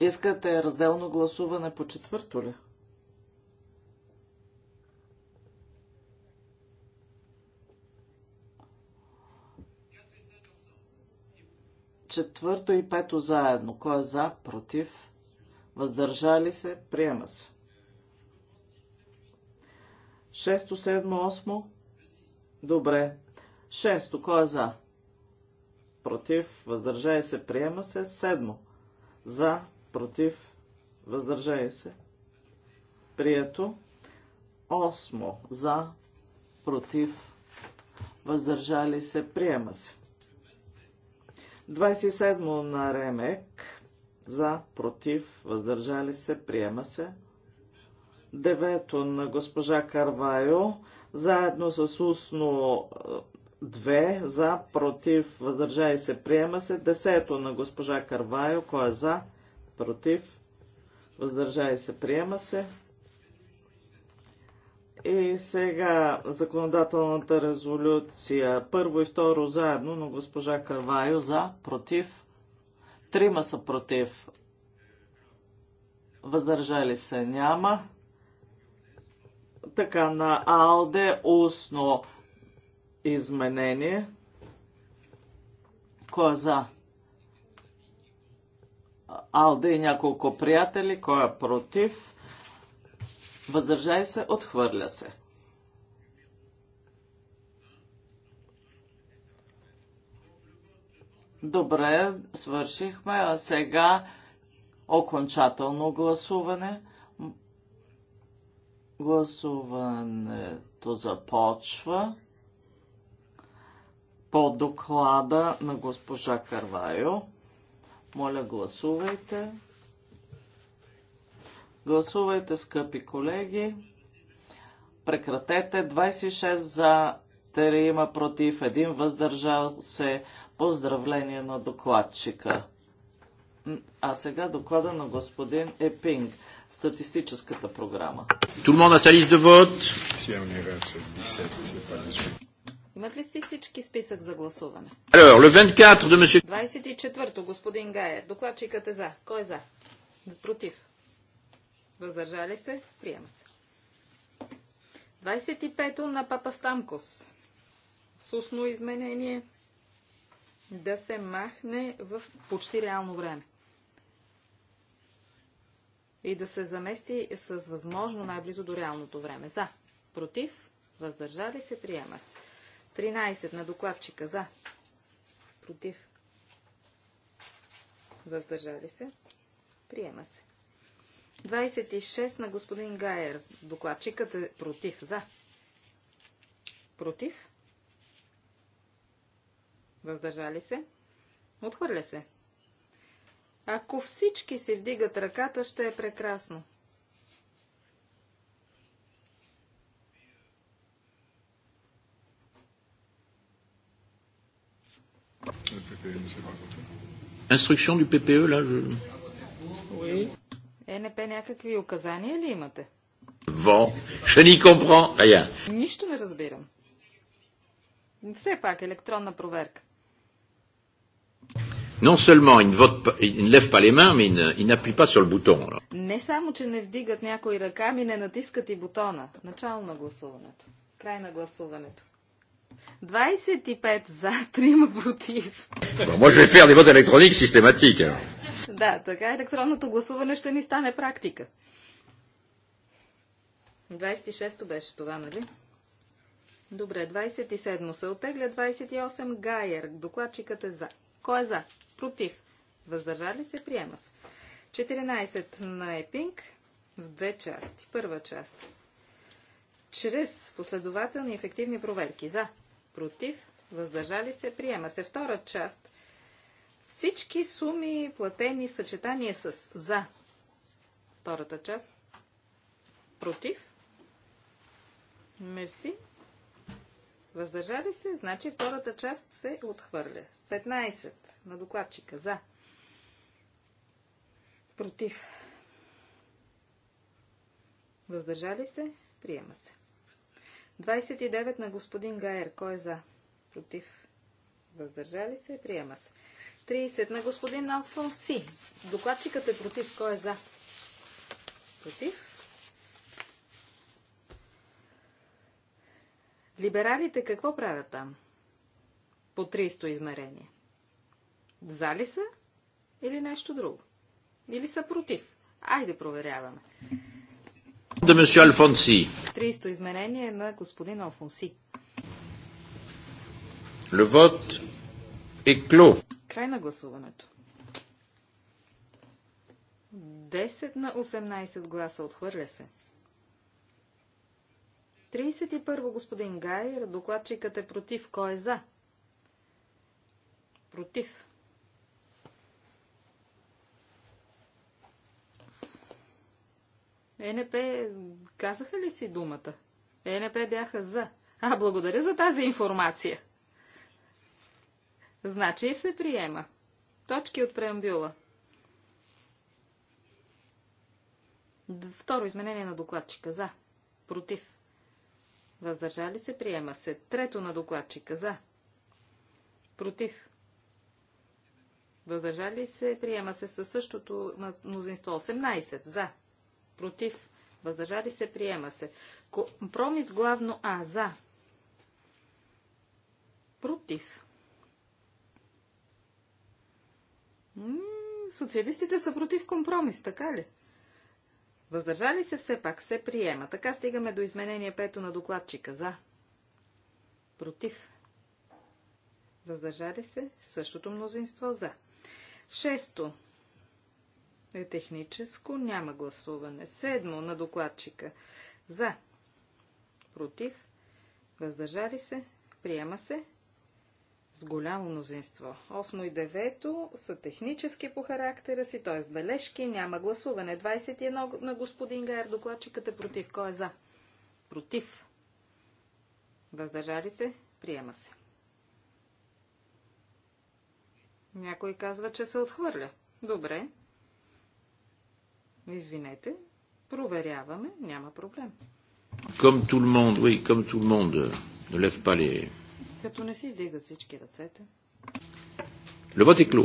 Искате разделно гласуване по четвърто ли? Четвърто и пето заедно. Кой е за, против, въздържали се, приема се. Шесто, седмо, осмо. Добре. Шесто. Кой е за? Против. Въздържае се. Приема се. Седмо. За. Против. Въздържае се. Прието. Осмо. За. Против. Въздържали се. Приема се. 27 на Ремек. За, против, въздържали се, приема се. Девето на госпожа Карвайо заедно с устно 2 е, за, против, въздържай се, приема се. Десето на госпожа Карвайо, кой е за, против, въздържай се, приема се. И сега законодателната резолюция. Първо и второ заедно на госпожа Карвайо за, против. Трима са против. Въздържали се няма така на АЛДЕ устно изменение. Кой е за? Алде и няколко приятели, кой е против? Въздържай се, отхвърля се. Добре, свършихме, а сега окончателно гласуване – Гласуването започва по доклада на госпожа Карвайо. Моля, гласувайте. Гласувайте, скъпи колеги. Прекратете. 26 за, 3 има против, 1 въздържал се. Поздравление на докладчика. А сега доклада на господин Епинг. Статистическата програма. вод. Ами, Имат ли си всички списък за гласуване? 24-то, господин Гайер. Докладчикът е за. Кой е за? Против. Въздържали се? Приема се. 25-то на Папа Станкос. С устно изменение да се махне в почти реално време и да се замести с възможно най-близо до реалното време. За. Против. Въздържали се. Приема се. 13 на докладчика. За. Против. Въздържали се. Приема се. 26 на господин Гайер. Докладчикът е против. За. Против. Въздържали се. Отхвърля се. Ако всички си вдигат ръката, ще е прекрасно. Инструкция du ППЕ, e, là, je... Oui. ЕНП някакви указания ли имате? Bon, je n'y Нищо не разбирам. Все пак електронна проверка. Non seulement ils ne, votent pas, ils ne lèvent pas les mains, mais ils n'appuient pas sur le bouton. Не само, че не вдигат някои ръка, ми не натискат и бутона. Начало на гласуването. Край на гласуването. 25 за, 3 против. Bon, moi, je vais faire des votes électroniques systématiques. Да, така електронното гласуване ще ни стане практика. 26-то беше това, нали? Добре, 27 се отегля, 28 Гайер. Докладчикът е за. Кой е за? против, въздържали се, приема се. 14 на Епинг в две части. Първа част. Чрез последователни ефективни проверки. За, против, въздържали се, приема се. Втора част. Всички суми платени съчетание с за. Втората част. Против. Мерси. Въздържали се, значи втората част се отхвърля. 15 на докладчика за. Против. Въздържали се, приема се. 29 на господин Гаер. Кой е за? Против. Въздържали се, приема се. 30 на господин Алфонси. Докладчикът е против. Кой е за? Против. Либералите какво правят там? По 300 измерение. За ли са или нещо друго? Или са против? Айде проверяваме. 300 измерения на господин Алфонси. Le е кло. Край на гласуването. 10 на 18 гласа отхвърля се. 31. Господин Гай, докладчикът е против. Кой е за? Против. Е, ЕНП казаха ли си думата? Е, ЕНП бяха за. А, благодаря за тази информация. Значи се приема. Точки от преамбюла. Второ изменение на докладчика. За. Против. Въздържали се, приема се. Трето на докладчика за. Против. Въздържали се, приема се със същото мнозинство. 18 за. Против. Въздържали се, приема се. Компромис главно А за. Против. М -м, социалистите са против компромис, така ли? Въздържали се все пак се приема. Така стигаме до изменение пето на докладчика. За. Против. Въздържали се същото мнозинство за. Шесто е техническо, няма гласуване. Седмо на докладчика. За. Против. Въздържали се. Приема се с голямо мнозинство. Осмо и девето са технически по характера си, т.е. бележки, няма гласуване. 21 на господин Гайер, докладчикът е против. Кой е за? Против. Въздържали се? Приема се. Някой казва, че се отхвърля. Добре. Извинете. Проверяваме. Няма проблем. Към tout le към oui, comme tout le euh, като не си вдигат всички ръцете. Любът и клю.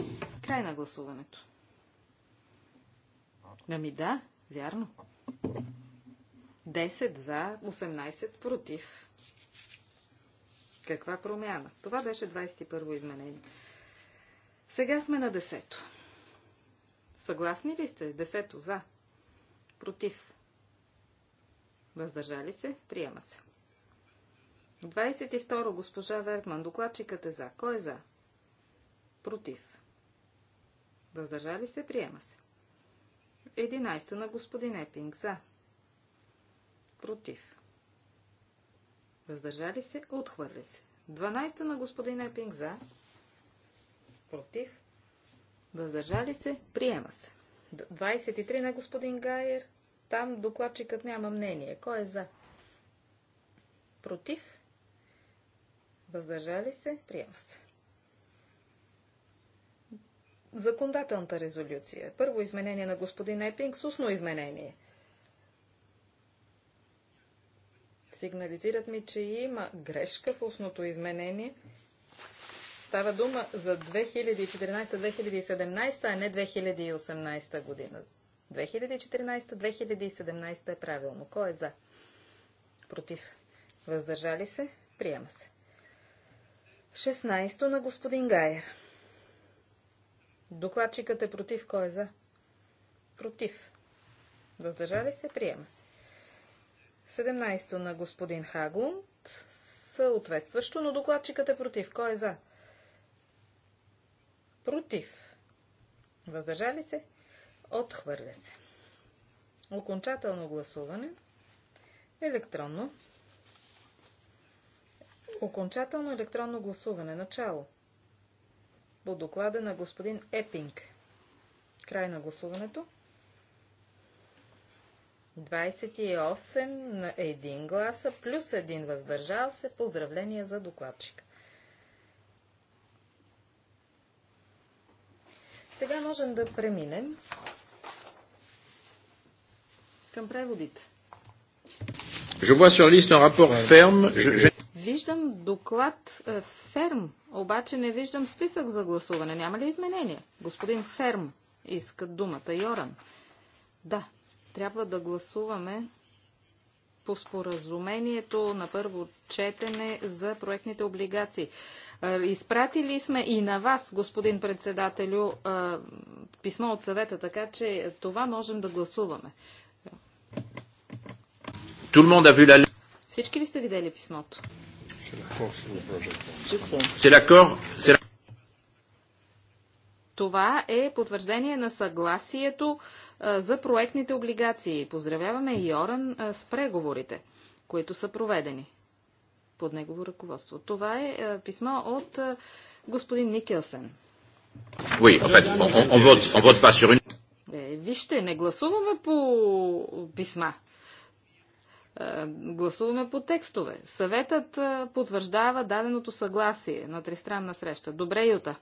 Край на гласуването. Ами да, вярно. 10 за, 18 против. Каква промяна? Това беше 21 изменение. Сега сме на 10 Съгласни ли сте? 10 за. Против. Въздържали се? Приема се. 22. Госпожа Вертман. Докладчикът е за. Кой е за? Против. Въздържали се? Приема се. 11. На господин Епинг. За. Против. Въздържали се? Отхвърля се. 12. На господин Епинг. За. Против. Въздържали се? Приема се. 23. На господин Гайер. Там докладчикът няма мнение. Кой е за? Против? Въздържали се? Приема се. Законодателната резолюция. Първо изменение на господин Епинг с устно изменение. Сигнализират ми, че има грешка в устното изменение. Става дума за 2014-2017, а не 2018 година. 2014-2017 е правилно. Кой е за? Против. Въздържали се? Приема се. 16 на господин Гайер. Докладчикът е против. Кой е за? Против. Въздържали се? Приема се. 17 на господин Хагунд. Съответстващо, но докладчикът е против. Кой е за? Против. Въздържали се? Отхвърля се. Окончателно гласуване. Електронно. Окончателно електронно гласуване. Начало. По доклада на господин Епинг. Край на гласуването. 28 на 1 гласа, плюс 1 въздържал се. Поздравления за докладчика. Сега можем да преминем към преводите. Je vois sur liste un rapport ferme. Je, je... Виждам доклад е, Ферм, обаче не виждам списък за гласуване. Няма ли изменения? Господин Ферм иска думата. Йоран. Да, трябва да гласуваме по споразумението на първо четене за проектните облигации. Е, изпратили сме и на вас, господин председателю, е, писмо от съвета, така че това можем да гласуваме. Всички ли сте видели писмото? Това е потвърждение на съгласието за проектните облигации. Поздравяваме Йоран с преговорите, които са проведени под негово ръководство. Това е писмо от господин Никелсен. Oui, en fait, on, on vote, on vote pas sur une... Е, вижте, не гласуваме по писма. Е, гласуваме по текстове. Съветът е, потвърждава даденото съгласие на тристранна среща. Добре, Юта.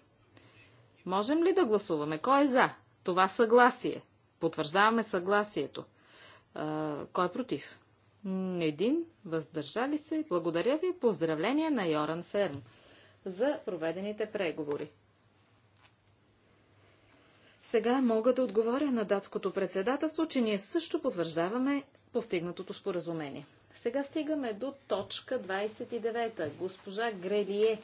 Можем ли да гласуваме? Кой е за това съгласие? Потвърждаваме съгласието. Е, кой е против? Един. Въздържали се. Благодаря ви. Поздравления на Йоран Ферм за проведените преговори. Сега мога да отговоря на датското председателство, че ние също потвърждаваме постигнатото споразумение. Сега стигаме до точка 29. Госпожа Грелие.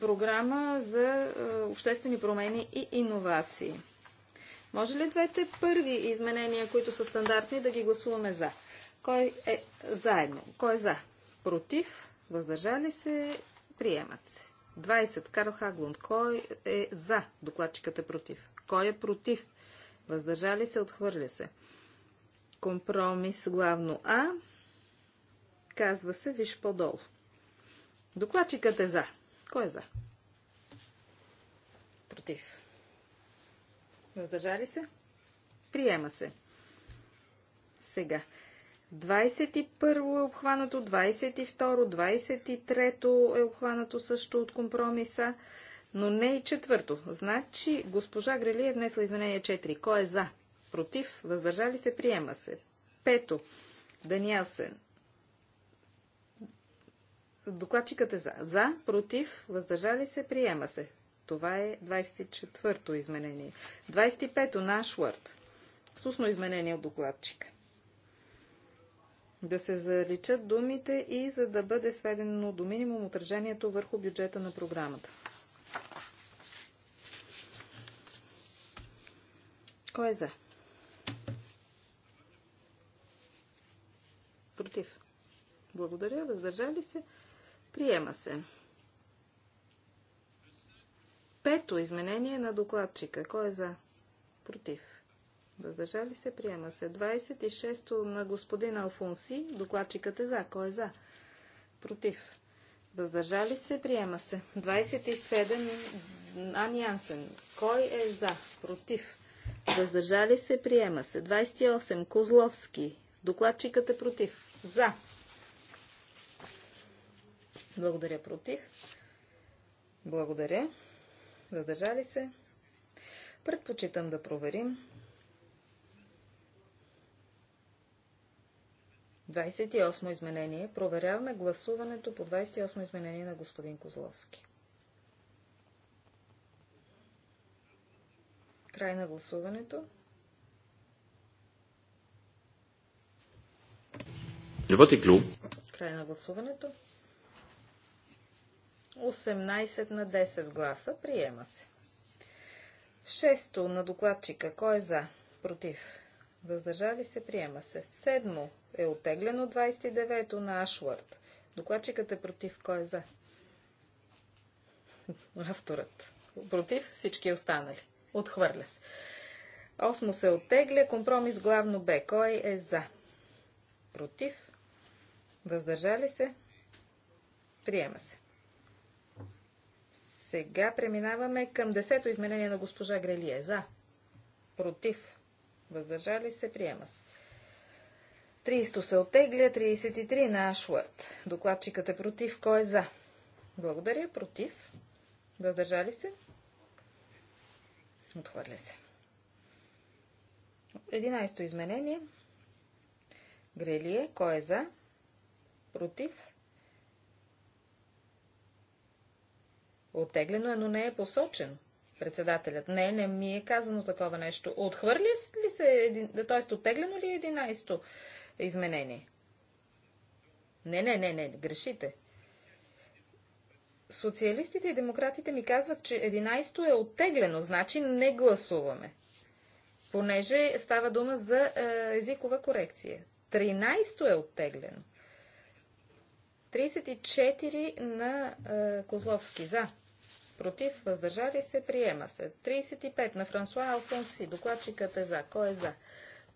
Програма за е, обществени промени и иновации. Може ли двете първи изменения, които са стандартни, да ги гласуваме за? Кой е заедно? Кой е за? Против? Въздържали се? Приемат се. 20. Карл Хаглунд. Кой е за? Докладчикът е против. Кой е против? въздържали се, отхвърля се. Компромис главно А, казва се, виж по-долу. Докладчикът е за. Кой е за? Против. Въздържали се? Приема се. Сега. 21 е обхванато, 22, 23 е обхванато също от компромиса но не и четвърто. Значи госпожа Грели е внесла изменение 4. Кой е за? Против? Въздържали се? Приема се. Пето. Даниелсен. Докладчикът е за. За, против, въздържали се, приема се. Това е 24-то изменение. 25-то на Ашвард. Сусно изменение от докладчика. Да се заличат думите и за да бъде сведено до минимум отражението върху бюджета на програмата. Кой е за? Против. Благодаря. Въздържали се. Приема се. Пето изменение на докладчика. Кой е за? Против. Въздържали се. Приема се. 26-то на господин Алфонси. Докладчикът е за. Кой е за? Против. Въздържали се. Приема се. 27 Ани Ансен. Кой е за? Против. Въздържали се, приема се. 28. Козловски. Докладчикът е против. За. Благодаря против. Благодаря. Въздържали се. Предпочитам да проверим. 28 изменение. Проверяваме гласуването по 28 изменение на господин Козловски. Край на гласуването. Живот клюв. Край на гласуването. 18 на 10 гласа. Приема се. Шесто на докладчика. Кой е за? Против. Въздържали се. Приема се. Седмо е отеглено 29-то на Ашвард. Докладчикът е против. Кой е за? Авторът. Против всички останали. Отхвърля се. Осмо се оттегля. Компромис главно Б. Кой е за? Против? Въздържали се? Приема се. Сега преминаваме към десето изменение на госпожа Грелие. За. Против. Въздържали се. Приема се. 30 се оттегля. 33 на Ашвард. Докладчикът е против. Кой е за? Благодаря. Против. Въздържали се? Отхвърля се. Единайсто изменение. Грелие. Кой е за? Против. Отеглено е, но не е посочен. Председателят. Не, не ми е казано такова нещо. Отхвърли ли се, т.е. отеглено ли е 11-то изменение? Не, не, не, не, грешите. Социалистите и демократите ми казват, че 11-то е оттеглено, значи не гласуваме. Понеже става дума за е, езикова корекция. 13-то е оттеглено. 34 на е, Козловски за. Против, въздържали се, приема се. 35 на Франсуа Алфонси. Докладчикът е за. Кой е за?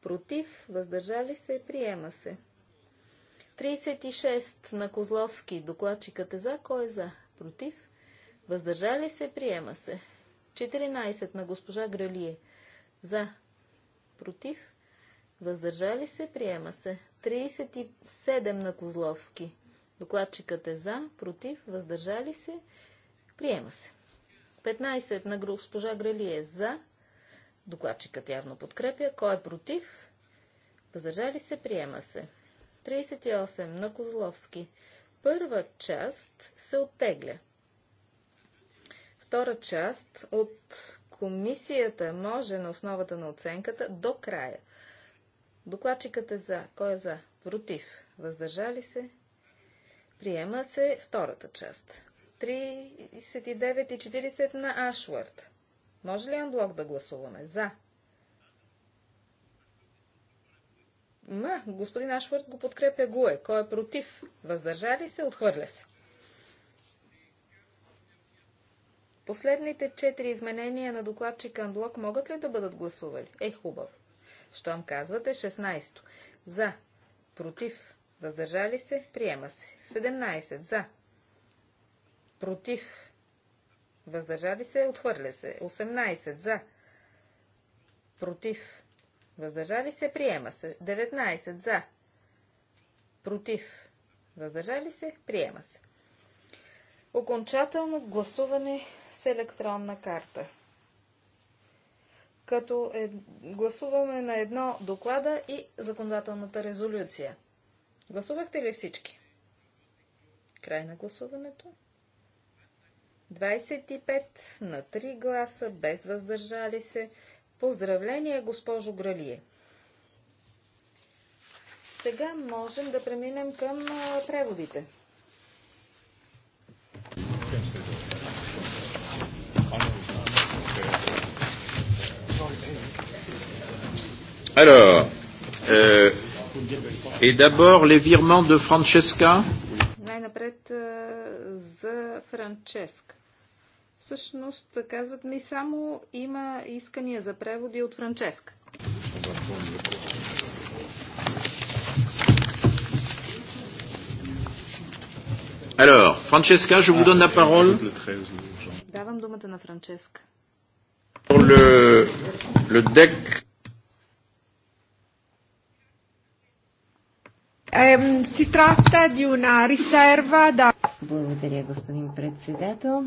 Против, въздържали се, приема се. 36 на Козловски. Докладчикът е за. Кой е за? против, въздържали се, приема се. 14 на госпожа Гралие, за, против, въздържали се, приема се. 37 на Козловски, докладчикът е за, против, въздържали се, приема се. 15 на госпожа Гралие, е за, докладчикът явно подкрепя, кой е против, въздържали се, приема се. 38 на Козловски, Първа част се оттегля. Втора част от комисията може на основата на оценката до края. Докладчикът е за. Кой е за? Против. Въздържали се? Приема се втората част. 39 и 40 на Ашвард. Може ли анблок да гласуваме? За. Ма, господин Ашвард го подкрепя Гуе. Кой е против? Въздържали се? Отхвърля се. Последните четири изменения на докладчик Анблок могат ли да бъдат гласували? Е, хубаво. Щом казвате 16. За. Против. Въздържали се? Приема се. 17. За. Против. Въздържали се? Отхвърля се. 18. За. Против. Въздържали се, приема се. 19 за. Против. Въздържали се, приема се. Окончателно гласуване с електронна карта. Като е, гласуваме на едно доклада и законодателната резолюция. Гласувахте ли всички? Край на гласуването. 25 на 3 гласа, без въздържали се. Поздравление, госпожо Гралие! Сега можем да преминем към преводите. Alors, euh, et d'abord les virements de Francesca. Най-напред за Франческа. Всъщност, казват ми, само има искания за преводи от Франческа. Alors, Francesca, je vous donne la parole. Давам думата на Франческа. Pour le, le DEC. Ehm, si tratta di una riserva da... Благодаря, господин председател.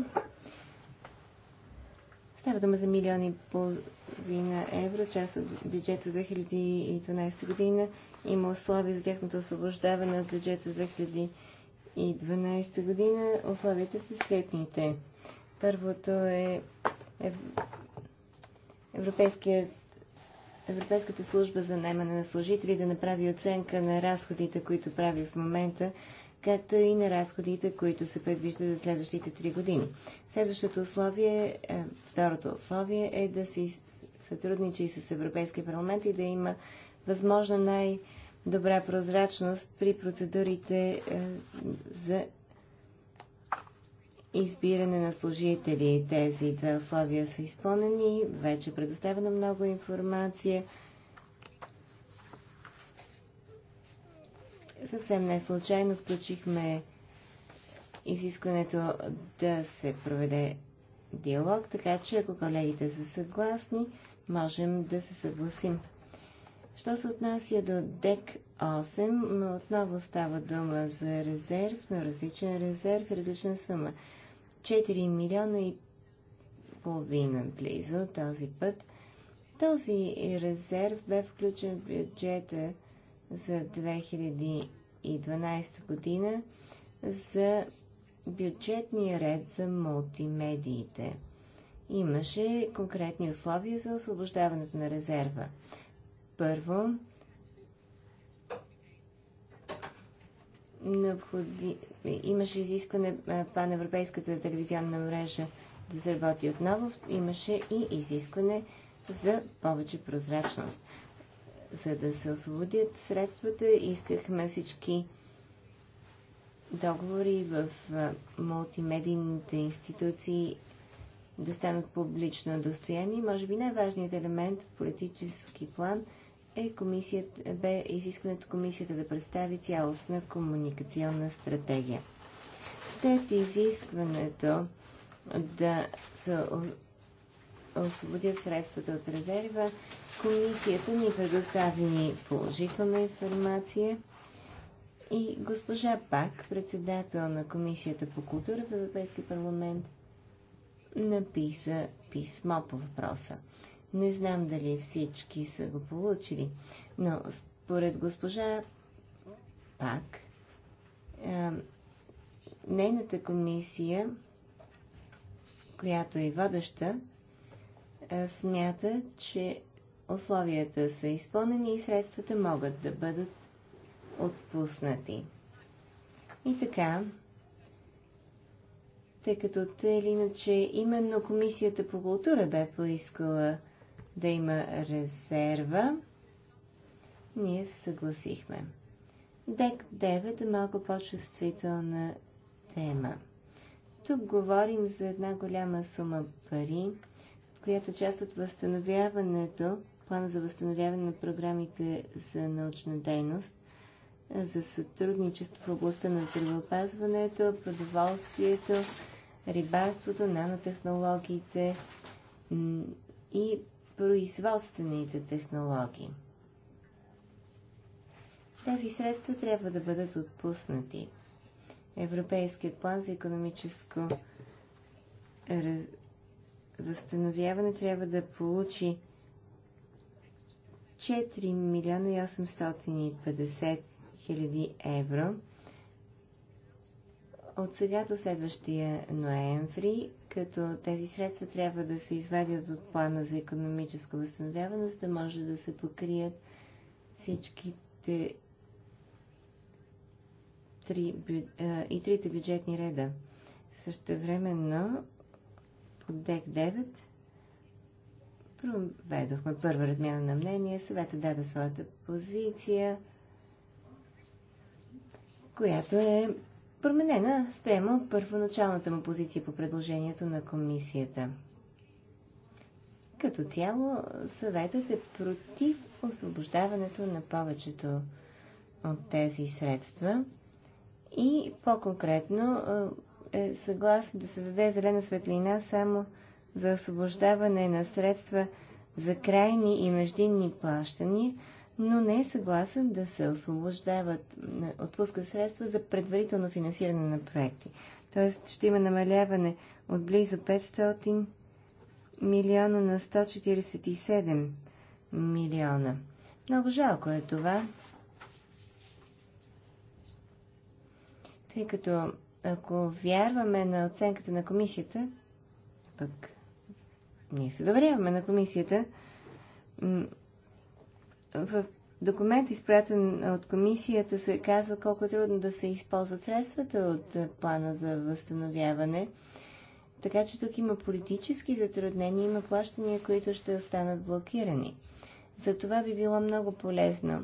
Става дума за милиони и половина евро, част от бюджета за 2012 година. Има условия за тяхното освобождаване от бюджета за 2012 година. Условията са следните. Първото е Европейската служба за наймане на служители да направи оценка на разходите, които прави в момента както и на разходите, които се предвижда за следващите три години. Следващото условие, е, второто условие е да си сътрудничи с Европейския парламент и да има възможно най-добра прозрачност при процедурите е, за избиране на служители. Тези две условия са изпълнени, вече предоставено много информация съвсем не случайно включихме изискването да се проведе диалог, така че ако колегите са съгласни, можем да се съгласим. Що се отнася до ДЕК 8, но отново става дума за резерв, но различен резерв, различна сума. 4 милиона и половина близо този път. Този резерв бе включен в бюджета за 2012 година за бюджетния ред за мултимедиите. Имаше конкретни условия за освобождаването на резерва. Първо, необходи... имаше изискване паневропейската телевизионна мрежа да заработи отново. Имаше и изискване за повече прозрачност за да се освободят средствата. Искахме всички договори в мултимедийните институции да станат публично достояни. Може би най-важният елемент в политически план е комисията, бе изискването комисията да представи цялостна комуникационна стратегия. След изискването да се освободят средствата от резерва. Комисията ни предостави положителна информация и госпожа Пак, председател на Комисията по култура в Европейски парламент, написа писмо по въпроса. Не знам дали всички са го получили, но според госпожа Пак, нейната комисия, която е водеща, смята, че условията са изпълнени и средствата могат да бъдат отпуснати. И така, тъй като те или иначе именно Комисията по култура бе поискала да има резерва, ние се съгласихме. ДЕК 9 е малко по-чувствителна тема. Тук говорим за една голяма сума пари – която част от възстановяването, плана за възстановяване на програмите за научна дейност, за сътрудничество в областта на здравеопазването, продоволствието, рибарството, нанотехнологиите и производствените технологии. Тези средства трябва да бъдат отпуснати. Европейският план за економическо раз възстановяване трябва да получи 4 милиона и 850 хиляди евро от сега до следващия ноември, като тези средства трябва да се извадят от плана за економическо възстановяване, за да може да се покрият всичките три, е, и трите бюджетни реда. Същевременно по ДЕК 9 проведохме първа размяна на мнение, съвета даде своята позиция, която е променена спрямо първоначалната му позиция по предложението на комисията. Като цяло, съветът е против освобождаването на повечето от тези средства и по-конкретно е съгласен да се даде зелена светлина само за освобождаване на средства за крайни и междинни плащания, но не е съгласен да се освобождават, отпускат средства за предварително финансиране на проекти. Тоест ще има намаляване от близо 500 милиона на 147 милиона. Много жалко е това, тъй като ако вярваме на оценката на комисията, пък ние се доверяваме на комисията, в документ, изпратен от комисията, се казва колко е трудно да се използват средствата от е, плана за възстановяване. Така че тук има политически затруднения, има плащания, които ще останат блокирани. За това би било много полезно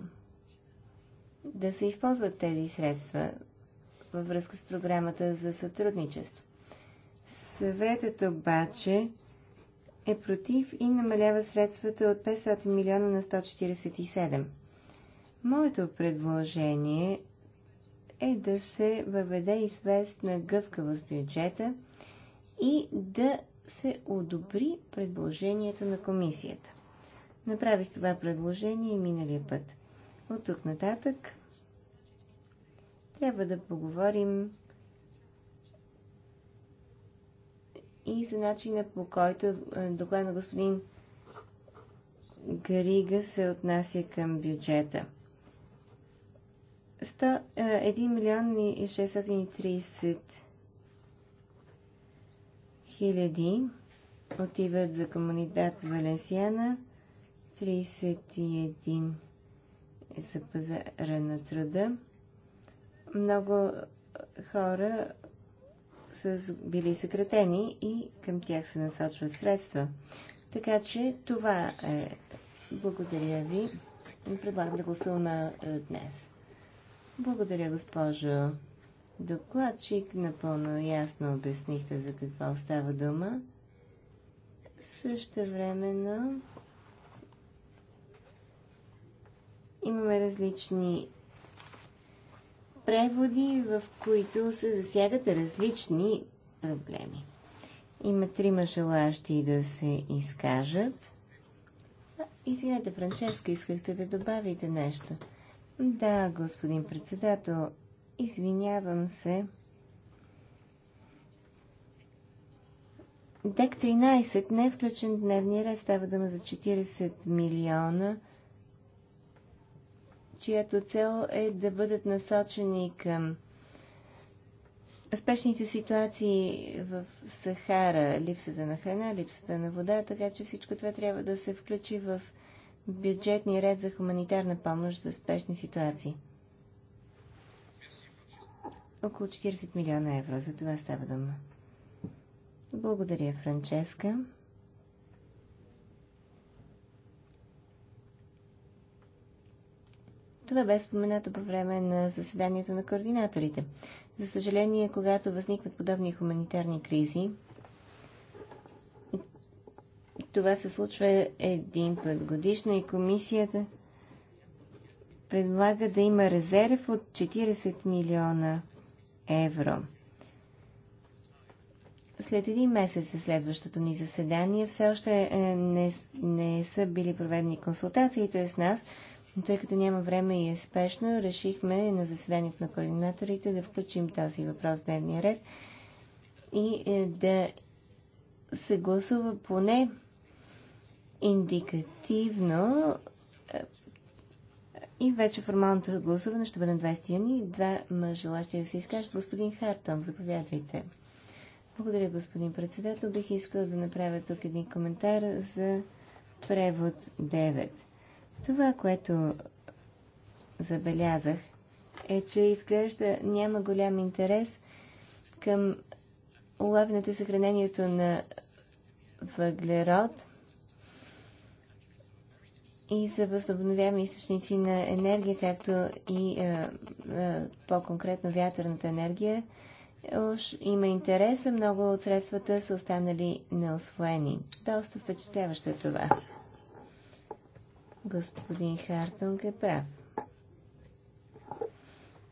да се използват тези средства във връзка с програмата за сътрудничество. Съветът обаче е против и намалява средствата от 500 милиона на 147. Моето предложение е да се въведе известна гъвкавост в бюджета и да се одобри предложението на комисията. Направих това предложение и миналия път. От тук нататък трябва да поговорим и за начина по който е, доклад на господин Гарига се отнася към бюджета. 1 е, милион и 630 хиляди отиват за комунитет Валенсиана, 31 е за пазара на труда, много хора са били съкратени и към тях се насочват средства. Така че това е. Благодаря ви. Предлагам да гласуваме е, днес. Благодаря, госпожо докладчик. Напълно ясно обяснихте за какво става дума. Също времено имаме различни преводи, в които се засягат различни проблеми. Има трима желащи да се изкажат. Извинете, Франческа, искахте да добавите нещо. Да, господин председател, извинявам се. ДЕК 13 не е включен дневния ред. Става дума за 40 милиона – чиято цел е да бъдат насочени към спешните ситуации в Сахара, липсата на храна, липсата на вода, така че всичко това трябва да се включи в бюджетни ред за хуманитарна помощ за спешни ситуации. Около 40 милиона евро, за това става дума. Благодаря, Франческа. Това бе споменато по време на заседанието на координаторите. За съжаление, когато възникват подобни хуманитарни кризи, това се случва един път годишно и комисията предлага да има резерв от 40 милиона евро. След един месец за следващото ни заседание все още е, не, не са били проведени консултациите с нас – но тъй като няма време и е спешно, решихме на заседанието на координаторите да включим този въпрос в дневния ред и е, да се гласува поне индикативно е, и вече формалното гласуване ще бъде на 20 юни. Два желащи да се изкажат. Господин Хартон, заповядайте. Благодаря, господин председател. Бих искал да направя тук един коментар за превод 9. Това, което забелязах, е, че изглежда няма голям интерес към улавянето и съхранението на въглерод и за възобновяеми източници на енергия, както и по-конкретно вятърната енергия. Уж има интереса, много от средствата са останали неосвоени. Доста впечатляващо е това господин Хартунг е прав.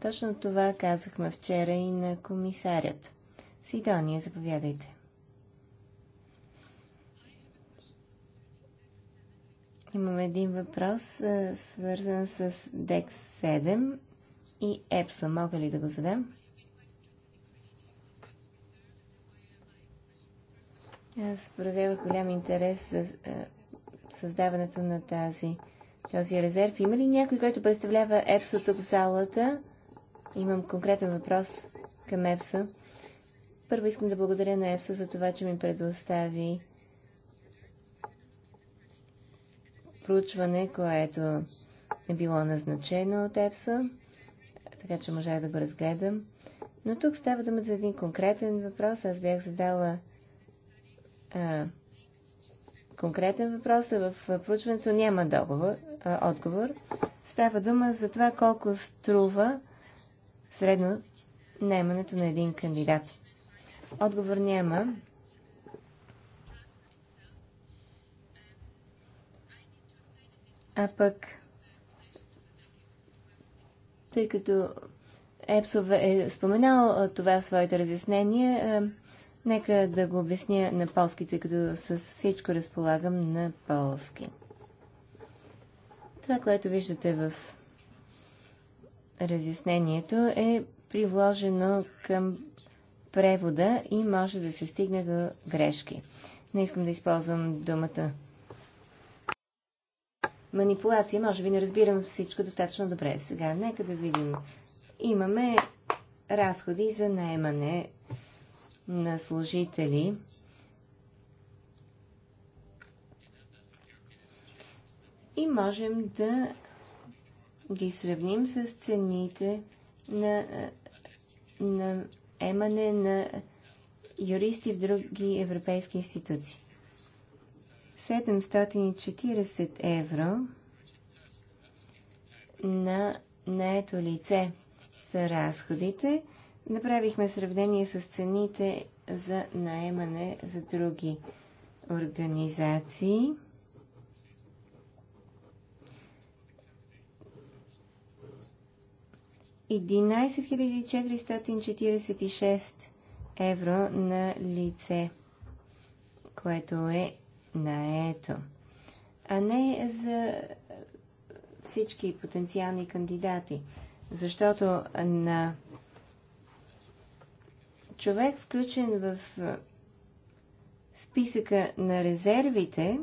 Точно това казахме вчера и на комисарят. Сидония, заповядайте. Имам един въпрос, свързан с DEX 7 и EPSO. Мога ли да го задам? Аз проявявах голям интерес за създаването на тази, този резерв. Има ли някой, който представлява ЕПСО тук в залата? Имам конкретен въпрос към ЕПСО. Първо искам да благодаря на ЕПСО за това, че ми предостави проучване, което е било назначено от ЕПСО, така че можах да го разгледам. Но тук става дума за един конкретен въпрос. Аз бях задала а, конкретен въпрос, а е, в проучването няма договор, а, отговор. Става дума за това колко струва средно наймането на един кандидат. Отговор няма. А пък, тъй като Епсов е споменал това в своите разяснения, Нека да го обясня на полски, тъй като с всичко разполагам на полски. Това, което виждате в разяснението е приложено към превода и може да се стигне до грешки. Не искам да използвам думата манипулация. Може би не разбирам всичко достатъчно добре. Сега нека да видим. Имаме разходи за наемане на служители и можем да ги сравним с цените на, на емане на юристи в други европейски институции. 740 евро на наето лице са разходите, Направихме сравнение с цените за наемане за други организации. Единайсет евро на лице, което е наето, а не за всички потенциални кандидати, защото на човек, включен в списъка на резервите,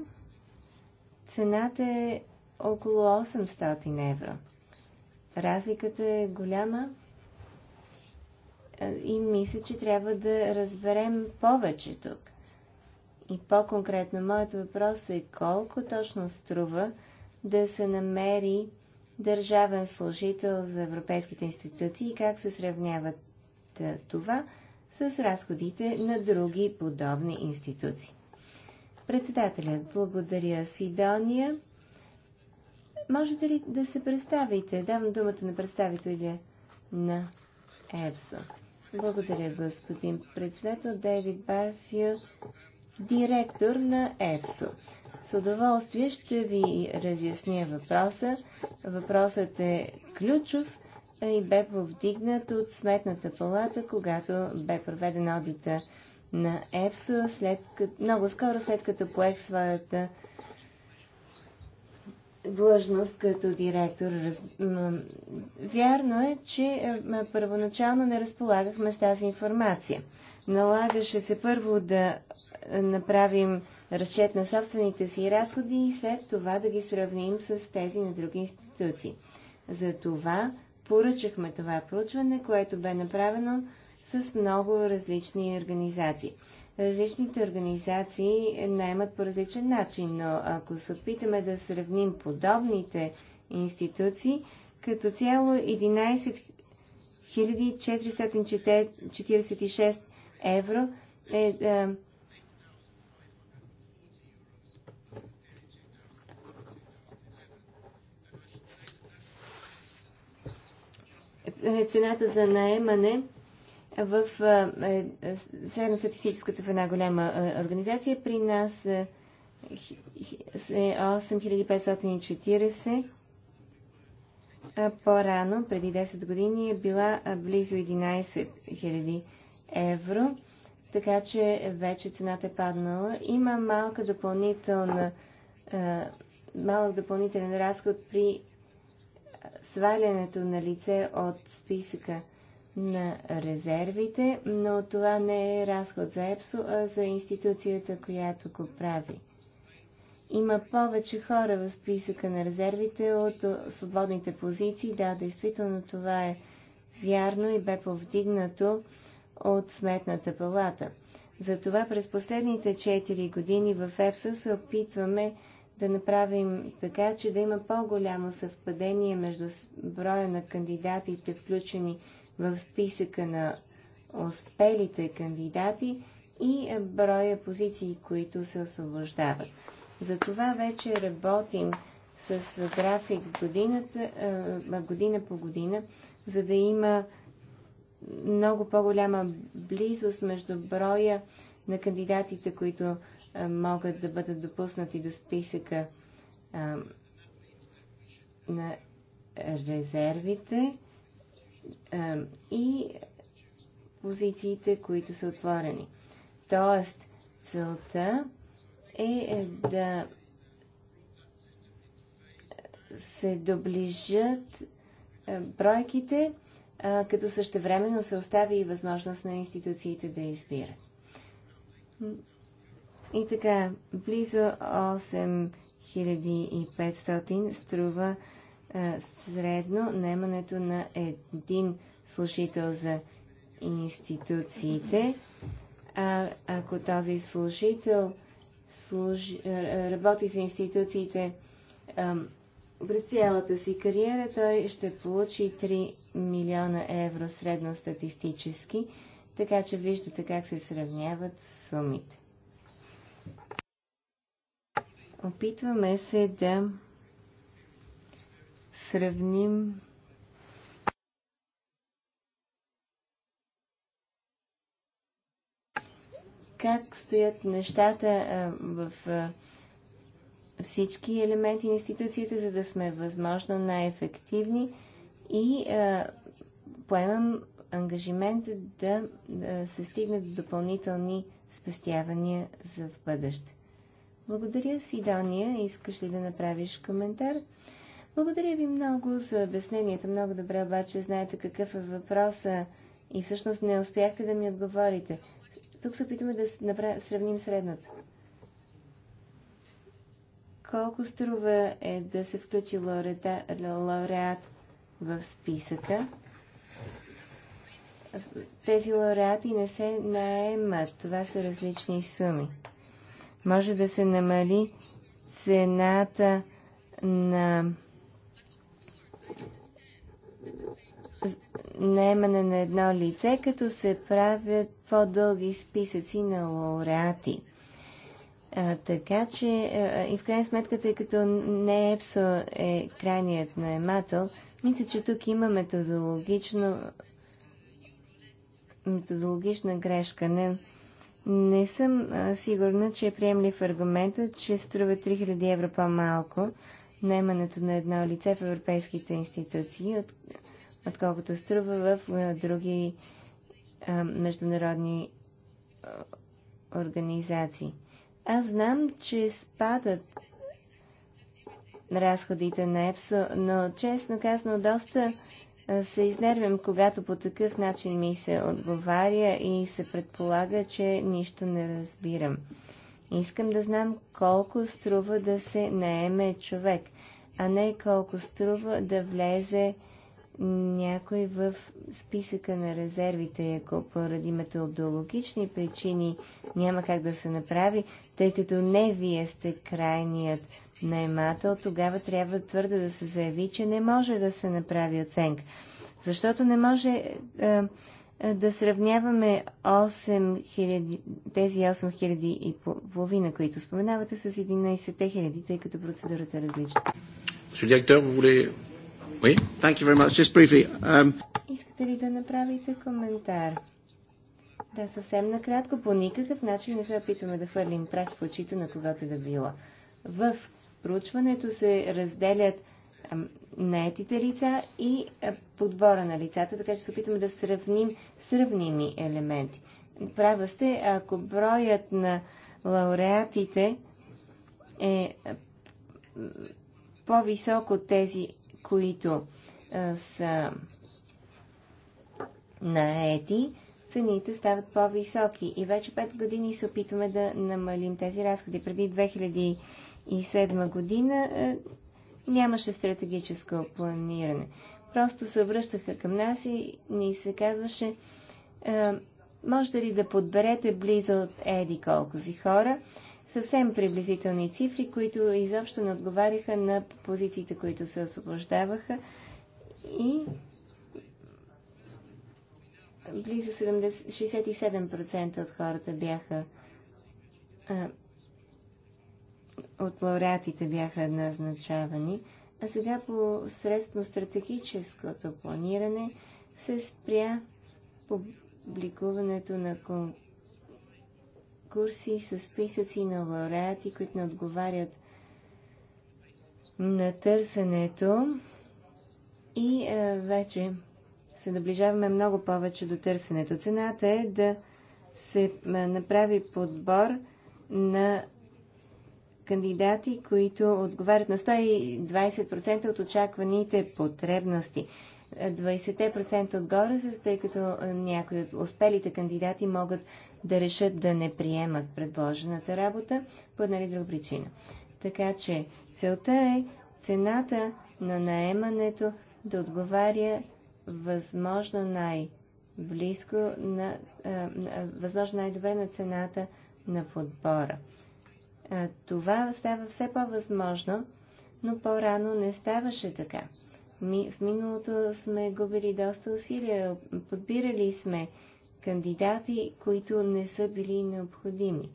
цената е около 800 евро. Разликата е голяма и мисля, че трябва да разберем повече тук. И по-конкретно, моят въпрос е колко точно струва да се намери държавен служител за европейските институции и как се сравняват това с разходите на други подобни институции. Председателят, благодаря Сидония. Можете ли да се представите? Давам думата на представителя на ЕПСО. Благодаря, господин председател Дейвид Барфил, директор на ЕПСО. С удоволствие ще ви разясня въпроса. Въпросът е ключов и бе повдигнат от Сметната палата, когато бе проведен одита на ЕПСО, след като, много скоро след като поех своята длъжност като директор. Вярно е, че е, първоначално не разполагахме с тази информация. Налагаше се първо да е, направим разчет на собствените си разходи и след това да ги сравним с тези на други институции. За това поръчахме това проучване, което бе направено с много различни организации. Различните организации наймат по различен начин, но ако се опитаме да сравним подобните институции, като цяло 11 446 евро е, е Е цената за наемане в е, е, средностатистическата в една голяма организация. При нас е 8540. По-рано, преди 10 години, е била близо 11 000 евро, така че вече цената е паднала. Има малка допълнителна, малък допълнителен разход при свалянето на лице от списъка на резервите, но това не е разход за ЕПСО, а за институцията, която го прави. Има повече хора в списъка на резервите от свободните позиции. Да, действително това е вярно и бе повдигнато от Сметната палата. Затова през последните 4 години в ЕПСО се опитваме да направим така, че да има по-голямо съвпадение между броя на кандидатите, включени в списъка на успелите кандидати и е, броя позиции, които се освобождават. За това вече работим с график годината, е, е, година по година, за да има много по-голяма близост между броя на кандидатите, които могат да бъдат допуснати до списъка на резервите и позициите, които са отворени. Тоест, целта е, е да се доближат бройките, като същевременно се остави и възможност на институциите да избират. И така, близо 8500 струва средно наемането на един служител за институциите. А, ако този служител служи, работи за институциите през цялата си кариера, той ще получи 3 милиона евро средно статистически, така че виждате как се сравняват сумите. Опитваме се да сравним как стоят нещата в всички елементи на институцията, за да сме възможно най-ефективни и поемам ангажимент да, се стигне до допълнителни спестявания за в бъдеще. Благодаря, Сидония. Искаш ли да направиш коментар? Благодаря ви много за обяснението. Много добре обаче знаете какъв е въпроса и всъщност не успяхте да ми отговорите. Тук се опитваме да направ... сравним средното. Колко струва е да се включи лауреата, лауреат в списъка? Тези лауреати не се наемат. Това са различни суми може да се намали цената на наемане на едно лице, като се правят по-дълги списъци на лауреати. А, така че, а, и в крайна сметка, тъй като не ЕПСО е крайният наемател, мисля, че тук има методологично методологична грешка. Не, не съм сигурна, че е приемлив аргумента, че струва 3000 евро по-малко наемането на едно лице в европейските институции, от, отколкото струва в други а, международни а, организации. Аз знам, че спадат разходите на ЕПСО, но честно казано доста се изнервям, когато по такъв начин ми се отговаря и се предполага, че нищо не разбирам. Искам да знам колко струва да се наеме човек, а не колко струва да влезе някой в списъка на резервите, ако поради методологични причини няма как да се направи, тъй като не вие сте крайният наемател, тогава трябва твърдо да се заяви, че не може да се направи оценка. Защото не може а, да сравняваме 8000, тези 8000 и половина, които споменавате, с 11 000, тъй като процедурата е различна. Um, Искате ли да направите коментар? Да, съвсем накратко. По никакъв начин не се опитваме да хвърлим прах в очите на когато да била. В проучването се разделят наетите лица и подбора на лицата, така че се опитваме да сравним сравними елементи. Права сте, ако броят на лауреатите е по-висок от тези, които са наети, цените стават по-високи. И вече 5 години се опитваме да намалим тези разходи. Преди 2007 година е, нямаше стратегическо планиране. Просто се връщаха към нас и ни се казваше, е, можете ли да подберете близо от еди колко си хора, съвсем приблизителни цифри, които изобщо не отговаряха на позициите, които се освобождаваха и близо 70, 67% от хората бяха а, е, от лауреатите бяха назначавани, а сега по средство стратегическото планиране се спря публикуването на конкурси с списъци на лауреати, които не отговарят на търсенето и а, вече се наближаваме много повече до търсенето. Цената е да се направи подбор на кандидати, които отговарят на 120% от очакваните потребности. 20% отгоре са, тъй като някои от успелите кандидати могат да решат да не приемат предложената работа по една или друга причина. Така че целта е цената на наемането да отговаря възможно най-близко на, възможно най-добре на цената на подбора това става все по-възможно, но по-рано не ставаше така. Ми, в миналото сме губили доста усилия, подбирали сме кандидати, които не са били необходими.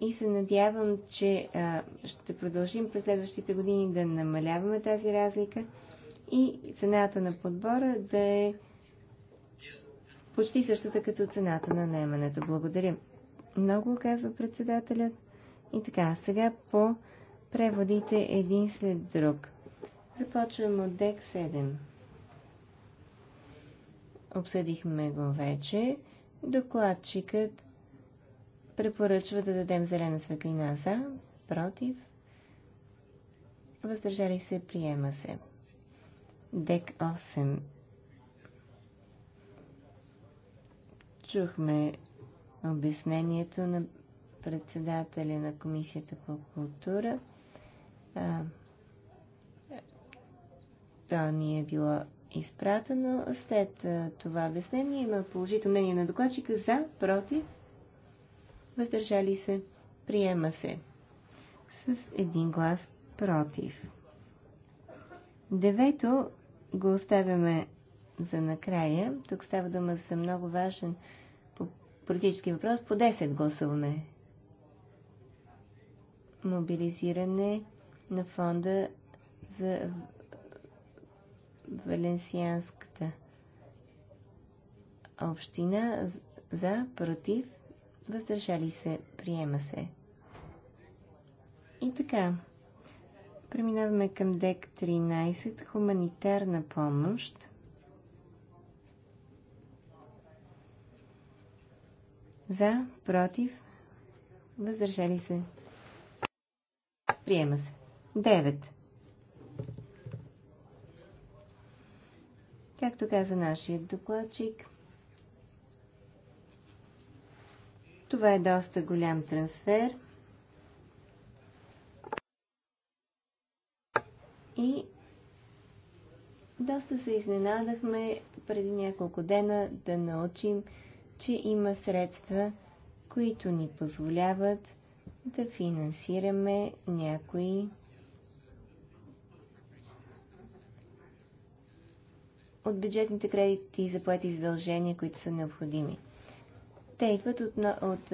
И се надявам, че а, ще продължим през следващите години да намаляваме тази разлика и цената на подбора да е почти същата като цената на наемането. Благодаря. Много, казва председателят. И така, сега по преводите един след друг. Започваме от ДЕК 7. Обсъдихме го вече. Докладчикът препоръчва да дадем зелена светлина за, против, въздържали се, приема се. ДЕК 8. Чухме обяснението на председателя на Комисията по култура. Това ни е било изпратено. След това обяснение има положително мнение на докладчика за, против, въздържали се, приема се с един глас против. Девето го оставяме за накрая. Тук става дума за много важен политически въпрос. По 10 гласуваме мобилизиране на фонда за Валенсианската община за, против, въздържали се, приема се. И така, преминаваме към ДЕК 13, хуманитарна помощ. За, против, въздържали се, Приема се. 9. Както каза нашия докладчик, това е доста голям трансфер. И доста се изненадахме преди няколко дена да научим, че има средства, които ни позволяват да финансираме някои от бюджетните кредити за поети задължения, които са необходими. Те идват от, от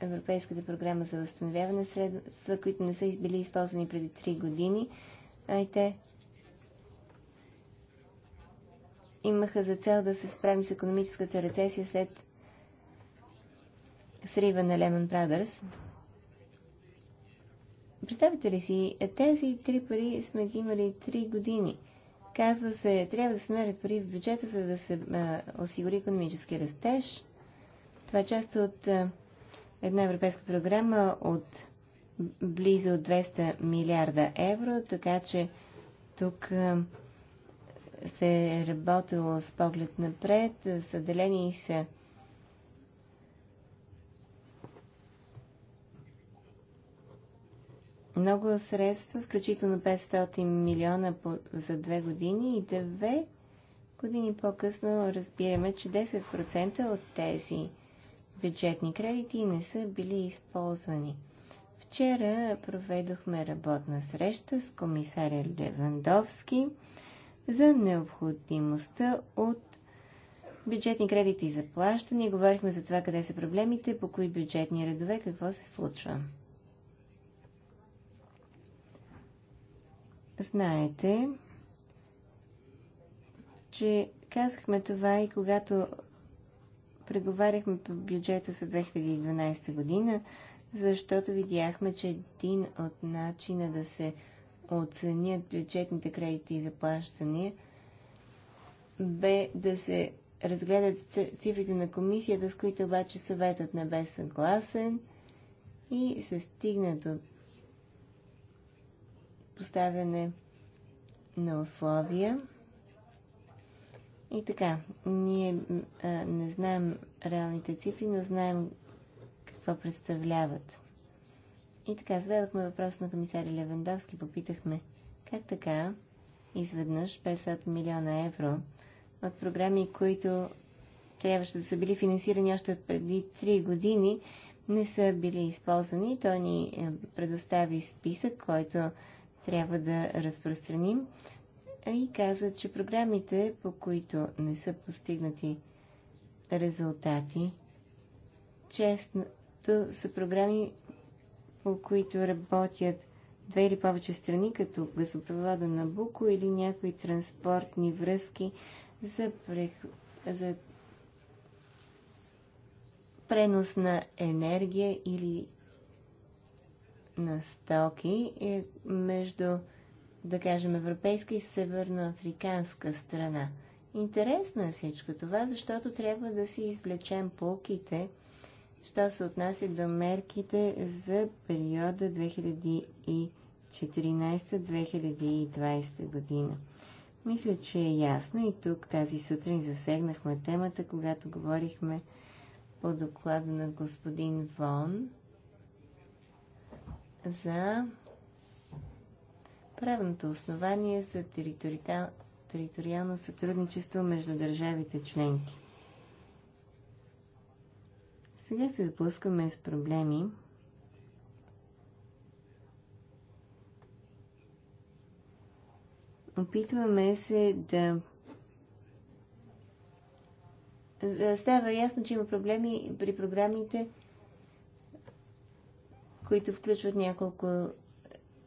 Европейската програма за възстановяване средства, които не са били използвани преди 3 години, а и те имаха за цел да се справим с економическата рецесия след срива на Lehman Brothers. Представете ли си, тези три пари сме ги имали три години. Казва се, трябва да се пари в бюджета, за да се а, осигури економически растеж. Това е част от а, една европейска програма от близо 200 милиарда евро, така че тук а, се е работило с поглед напред, Съделени са много средства, включително 500 милиона за две години и две години по-късно разбираме, че 10% от тези бюджетни кредити не са били използвани. Вчера проведохме работна среща с комисаря Левандовски за необходимостта от бюджетни кредити за плащане. Говорихме за това къде са проблемите, по кои бюджетни редове, какво се случва. знаете, че казахме това и когато преговаряхме по бюджета за 2012 година, защото видяхме, че един от начина да се оценят бюджетните кредити и заплащания бе да се разгледат цифрите на комисията, с които обаче съветът не бе съгласен и се стигна до поставяне на условия. И така, ние а, не знаем реалните цифри, но знаем какво представляват. И така, зададохме въпрос на комисаря Левендовски, попитахме как така изведнъж 500 милиона евро от програми, които трябваше да са били финансирани още от преди 3 години, не са били използвани. Той ни е, предостави списък, който трябва да разпространим и каза, че програмите, по които не са постигнати резултати, често са програми, по които работят две или повече страни, като газопровода на Буко или някои транспортни връзки за, прех... за пренос на енергия или на стоки е между, да кажем, европейска и северноафриканска страна. Интересно е всичко това, защото трябва да си извлечем полките, що се отнася до мерките за периода 2014-2020 година. Мисля, че е ясно и тук тази сутрин засегнахме темата, когато говорихме по доклада на господин Вон – за правното основание за териториално сътрудничество между държавите членки. Сега се сблъскваме с проблеми, опитваме се да става ясно, че има проблеми при програмите, които включват няколко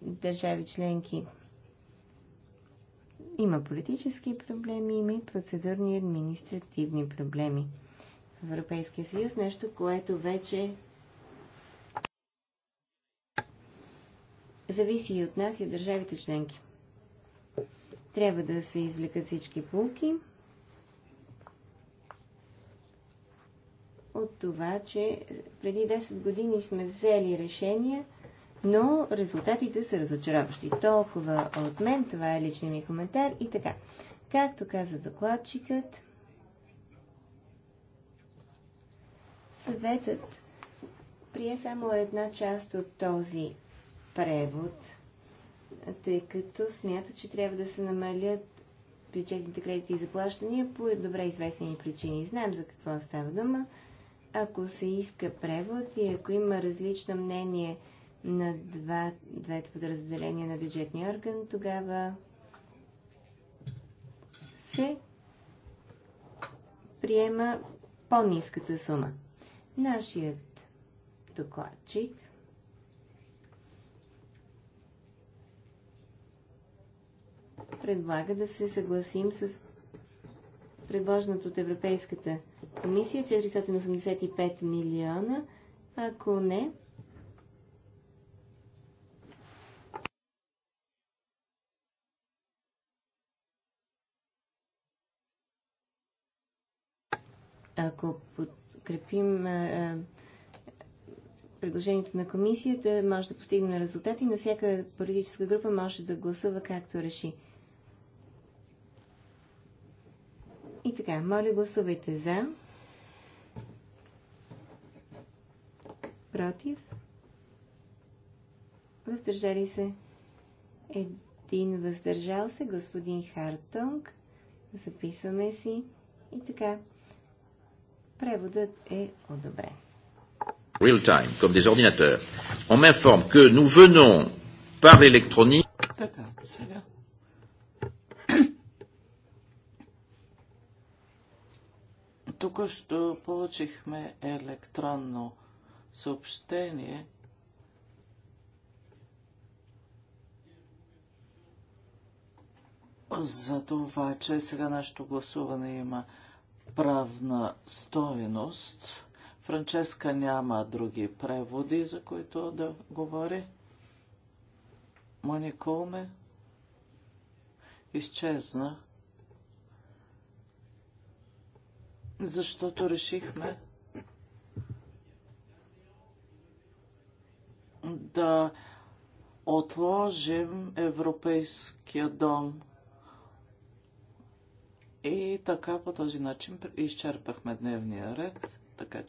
държави членки. Има политически проблеми, има и процедурни и административни проблеми. В Европейския съюз нещо, което вече зависи и от нас и от държавите членки. Трябва да се извлекат всички полки – от това, че преди 10 години сме взели решения, но резултатите са разочароващи. Толкова от мен, това е личният ми коментар и така. Както каза докладчикът, съветът прие само една част от този превод, тъй като смята, че трябва да се намалят бюджетните кредити и заплащания по добре известни причини. Знаем за какво става дума ако се иска превод и ако има различно мнение на два, двете подразделения на бюджетния орган, тогава се приема по-низката сума. Нашият докладчик предлага да се съгласим с предложеното от Европейската комисия 485 милиона. Ако не, ако подкрепим предложението на комисията, може да постигне резултати, но всяка политическа група може да гласува както реши. И така, моля гласувайте за. против, въздържали се един въздържал се, господин Хартонг. Записваме си и така. Преводът е одобрен. Real time, comme des ordinateurs. On m'informe que nous venons par l'électronique. Така, сега. Тук що получихме електронно съобщение, за това, че сега нашето гласуване има правна стоеност. Франческа няма други преводи, за които да говори. Мони Колме изчезна, защото решихме да отложим Европейския дом. И така по този начин изчерпахме дневния ред, така че